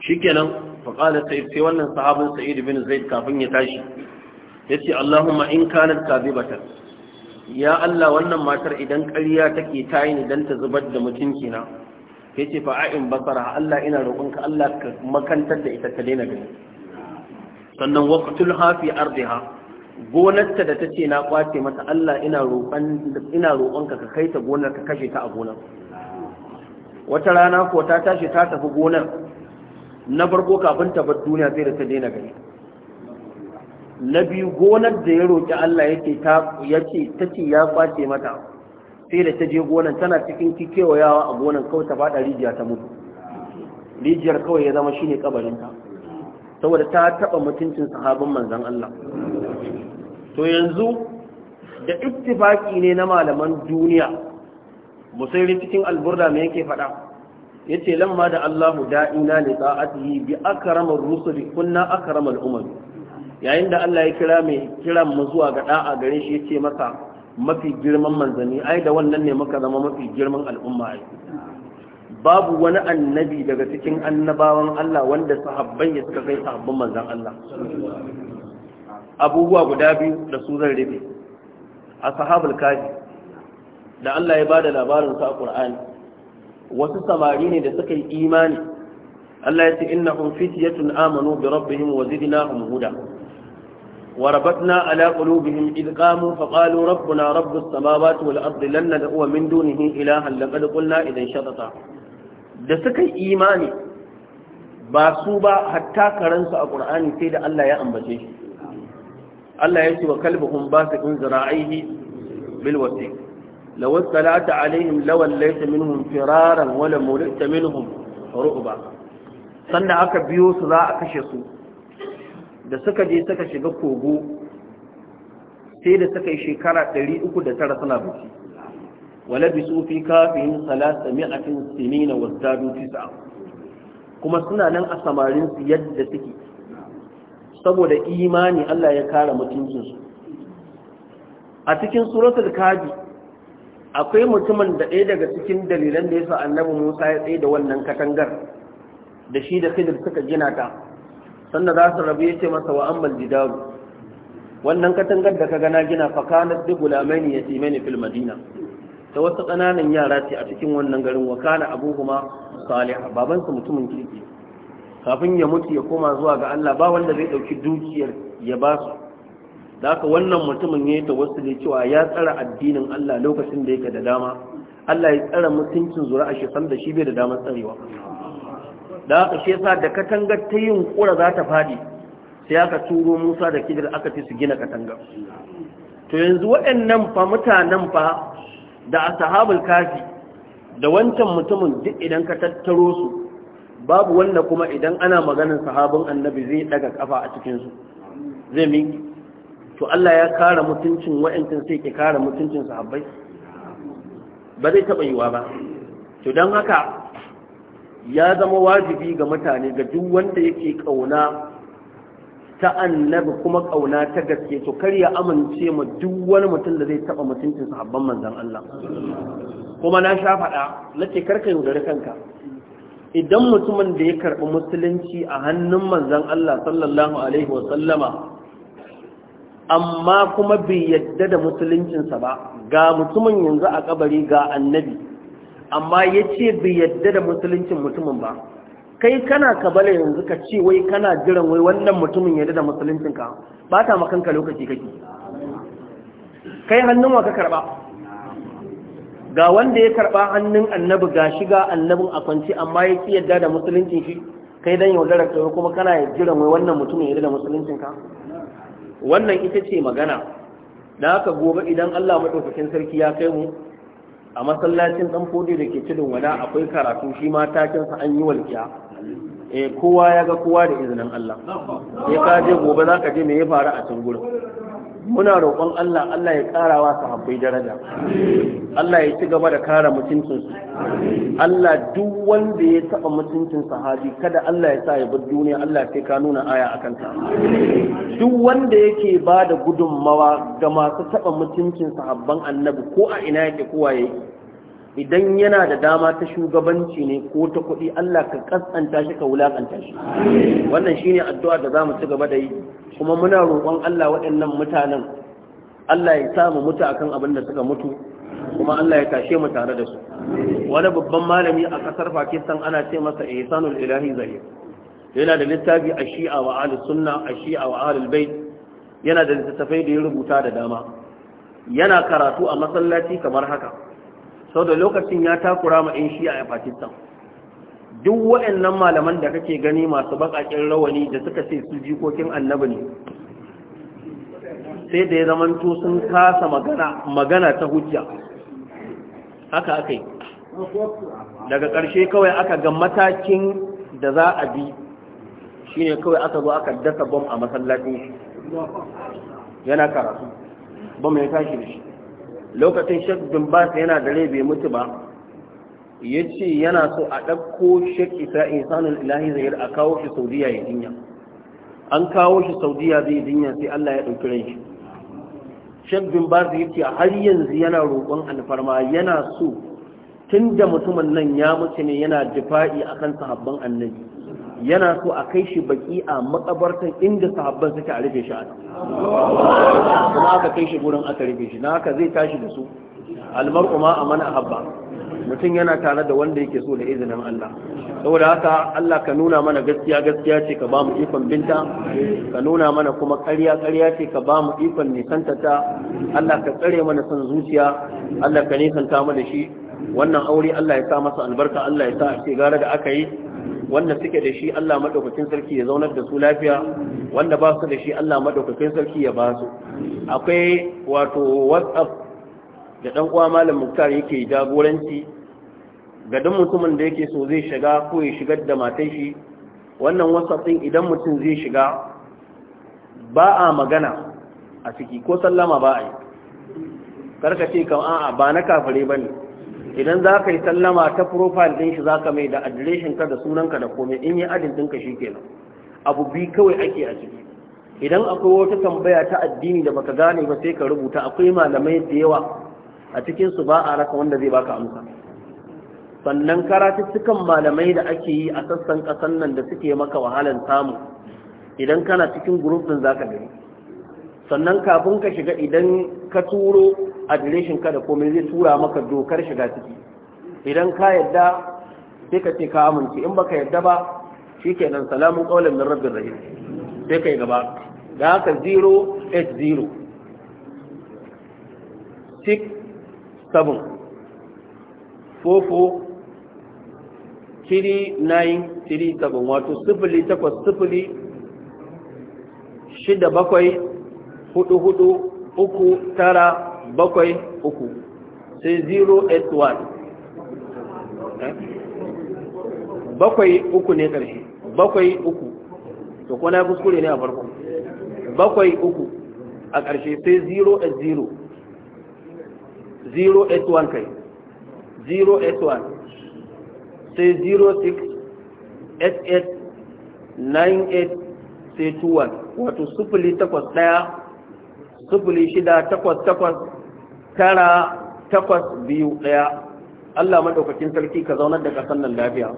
shi kenan qala sai sai wannan sahabin sa'id bin zaid kafin ya tashi yace allahumma in kanat kadibatan ya allah wannan matar idan ƙarya take tayi dan ta zubar da mutunci na yace fa a'in basara allah ina roƙonka allah ka makantar da ita ta daina gani sannan waqtul hafi ardiha gonarta da ta ce na kwace mata Allah ina roƙonka ka kai ta gonar ka kashe ta a gonar wata rana ko ta tashi ta tafi gonar na farko kafin ta bar duniya sai da ta daina gari na biyu gonar da ya roƙi Allah yake ta yace ta ce ya kwace mata sai da ta je gonar tana cikin kikewayawa a gonar kawai ta faɗa rijiya ta mutu rijiyar kawai ya zama shine kabarin ta saboda ta taɓa mutuncin sahabin manzon Allah to yanzu da ittifaki ne na malaman duniya musairi cikin alburda me yake faɗa yace lamma da Allahu da'ina li ta'atihi bi akramar rusuli kunna akramal umam yayin da Allah ya kira mai kiran mu zuwa ga da'a gare shi yace masa mafi girman manzanni ai da wannan ne muka zama mafi girman al'umma ai babu wani annabi daga cikin annabawan Allah wanda sahabban ya suka kai sahabban manzan Allah abubuwa guda biyu da su zan A ashabul kafi da Allah ya bada labarin sa a Qur'ani wasu samari ne da suka yi imani Allah ya ce innahum fityatun amanu bi rabbihim wa zidnahum huda وربطنا على قلوبهم إذ قاموا فقالوا ربنا رب السماوات والأرض لن ندعو من دونه إلها لقد قلنا إذا شططا da suka yi imani ba su ba hatta karansu a ƙur'ani sai da Allah ya ambace shi Allah ya ce wa kalbuhum basiqun zira'ihi bil wasiq لو اطلعت عليهم لوليت منهم فرارا ولملئت منهم رعبا sannan aka biyo su za a kashe su da suka je suka shiga kogo sai da suka yi shekara 309 suna buci walabi su fi kafin salasa mi'atin sinina wasdadu tisa kuma suna nan a samarin su yadda suke saboda imani Allah ya kare mutuncinsu a cikin suratul kaji akwai mutumin da ɗaya daga cikin dalilan da ya sa annabi musa ya tsaye da wannan katangar da shi da khidir suka gina ta sannan za su rabu ya ce masa wa ammal jidaru wannan katangar da ka gana gina fa kana duk ya tsime ni fil madina ta wasu ƙananan yara ce a cikin wannan garin wa kana abuhuma salih baban su mutumin kirki kafin ya mutu ya koma zuwa ga Allah ba wanda zai ɗauki dukiyar ya ba su da haka wannan mutumin ya yi ta ne cewa ya tsara addinin Allah lokacin da yake da dama Allah ya tsara mutuncin zura shi san da shi bai da damar tsarewa da haka shi yasa da katanga ta yin kura za ta fadi sai aka turo Musa da kidar aka ce su gina katanga to yanzu waɗannan fa mutanen fa da ashabul kafi da wancan mutumin duk idan ka tattaro su babu wanda kuma idan ana maganin sahabin annabi zai daga kafa a cikinsu, su zai miki. to Allah ya kara mutuncin wa'antin sai ke kara mutuncin sahabbai ba zai taɓa yiwa ba to don haka ya zama wajibi ga mutane ga duk wanda yake ƙauna ta annabi kuma ƙauna ta gaske to kar ya amince ma duk wani mutum da zai taɓa mutuncin sahabban manzan Allah kuma na sha faɗa nace karka yaudari kanka idan mutumin da ya karɓi musulunci a hannun manzan Allah sallallahu alaihi wa amma kuma bai yadda da musuluncinsa ba ga mutumin yanzu a kabari ga annabi amma ya ce bai yadda da musuluncin mutumin ba kai kana kabala yanzu ka ce wai kana jiran wai wannan mutumin yadda da musuluncinka ba ta makanka lokaci kake kai hannun wa ka karba ga wanda ya karba hannun annabi ga shiga annabin a kwanci amma ya ki yadda da musuluncin shi kai dan yaudarar kai kuma kana jiran wai wannan mutumin yadda da musuluncinka wannan ita ce magana da aka gobe idan Allah maɗaukakin sarki ya kai mu a masallacin ɗan fodi da ke tudun wada akwai karatu shi ma sa an yi walƙiya eh, kowa ya ga kowa da izinin Allah Ya ka je gobe za ka je me ya faru a can gurin muna roƙon Allah Allah ya ƙara wa sahabbai daraja Allah ya ci gaba da ƙara mutuncinsu Allah duk wanda ya taɓa mutuncin sahabi kada Allah ya sa ya bar duniya Allah sai ka nuna aya a kanta duk wanda yake ba da gudunmawa ga masu taɓa mutuncin sahabban annabi ko a ina yake kowa yake idan yana da dama ta shugabanci ne ko ta kuɗi Allah ka kasanta shi ka wulakanta shi wannan shine addu'a da zamu ci gaba da yi kuma muna roƙon Allah waɗannan mutanen Allah ya sa mu mutu akan abin da suka mutu kuma Allah ya tashe mu tare da su wani babban malami a kasar Pakistan ana ce masa Ihsanul Ilahi Zahir yana da littafi a shi'a wa ahlus sunna a shi'a wa ahlul bait yana da littattafai da ya rubuta da dama yana karatu a masallaci kamar haka sau da lokacin ya takura ma in shi a pakistan duk waɗannan malaman da kake gani masu baƙaƙen rawani da suka ce su jikokin annabi ne sai da ya zamanto sun kasa magana ta hujja haka aka yi daga ƙarshe kawai aka ga matakin da za a bi shi ne kawai aka zo aka dasa bom a masallacin yana karatu bom ya tashi da shi lokacin shek bin bas yana da rai bai mutu ba ya ce yana so a ɗauko shek isa insanin ilahi zai a kawo shi saudiya ya dinya an kawo shi saudiya zai dinya sai allah ya ɗauki rai shek bin bas ya ce har yanzu yana roƙon alfarma yana so tun da mutumin nan ya mutu ne yana difa'i kan sahabban annabi yana so a kai shi baki a makabartar inda sahabban suke a rufe shi a kuma aka kai shi gurin aka rufe shi na haka zai tashi da su almar'u ma amana habba mutum yana tare da wanda yake so da izinin Allah saboda haka Allah ka nuna mana gaskiya gaskiya ce ka ba mu ikon binta ka nuna mana kuma ƙarya ƙarya ce ka ba mu ikon nisanta ta Allah ka tsare mana son zuciya Allah ka nisanta mu da shi wannan aure Allah ya sa masa albarka Allah ya sa a ce gara da aka yi wanda suke da shi Allah madaukakin sarki ya zaunar da su lafiya wanda ba su da shi Allah madaukakin sarki ya ba su akwai wato WhatsApp da dan uwa malam Muktar yake jagoranci ga duk mutumin da yake so zai shiga ko ya shigar da matan shi wannan WhatsApp din idan mutum zai shiga ba a magana a ciki ko sallama ba a yi karkace kan a'a ba na kafare bane idan za ka yi sallama ta profile din shi za ka mai da adireshin ka da sunanka da komai in yi adin ɗinka shi kenan abu bi kawai ake a ciki idan akwai wata tambaya ta addini da baka gane ba sai ka rubuta akwai malamai da yawa a cikin su ba a raka wanda zai baka amsa sannan karatuttukan malamai da ake yi a sassan ƙasan nan da suke maka wahalan samu idan kana cikin gurufin za ka gani sannan kafin ka shiga idan ka turo adireshin ka da komai zai tura maka dokar shiga ciki idan ka yadda sai ka ce ka amince in baka yadda ba shikenan salamun qawlan min rabbir rahim sai kai gaba da haka 080 6 7 44 3937 wato sifili shida bakwai hudu hudu uku tara bakwai uku sai 081 eh? bakwai uku ne ƙarshe bakwai uku to ko na kuskure ne a farko bakwai uku a ƙarshe sai 080 081 kai 081 sai 06 88 98 sai 21 wato sufuli takwas ɗaya sufuli shida takwas takwas tara takwas biyu ɗaya Allah maɗaukakin sarki ka zaunar da ƙasar nan lafiya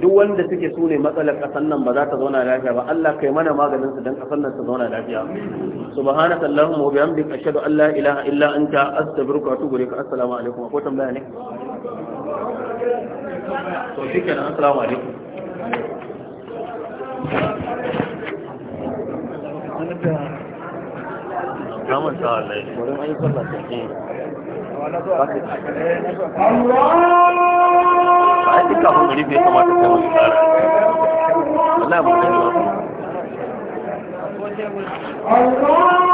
duk wanda suke su ne matsalar ƙasar nan ba za ta zauna lafiya ba Allah kai mana maganin su don ƙasar nan su zauna lafiya subhanaka allahumma wa bihamdika ashhadu an la ilaha illa anta astaghfiruka wa atubu ilaik assalamu alaikum ko tambaya ne to shikenan assalamu alaikum namun sa Allah wurin ayi mun rufe kamata sai tsara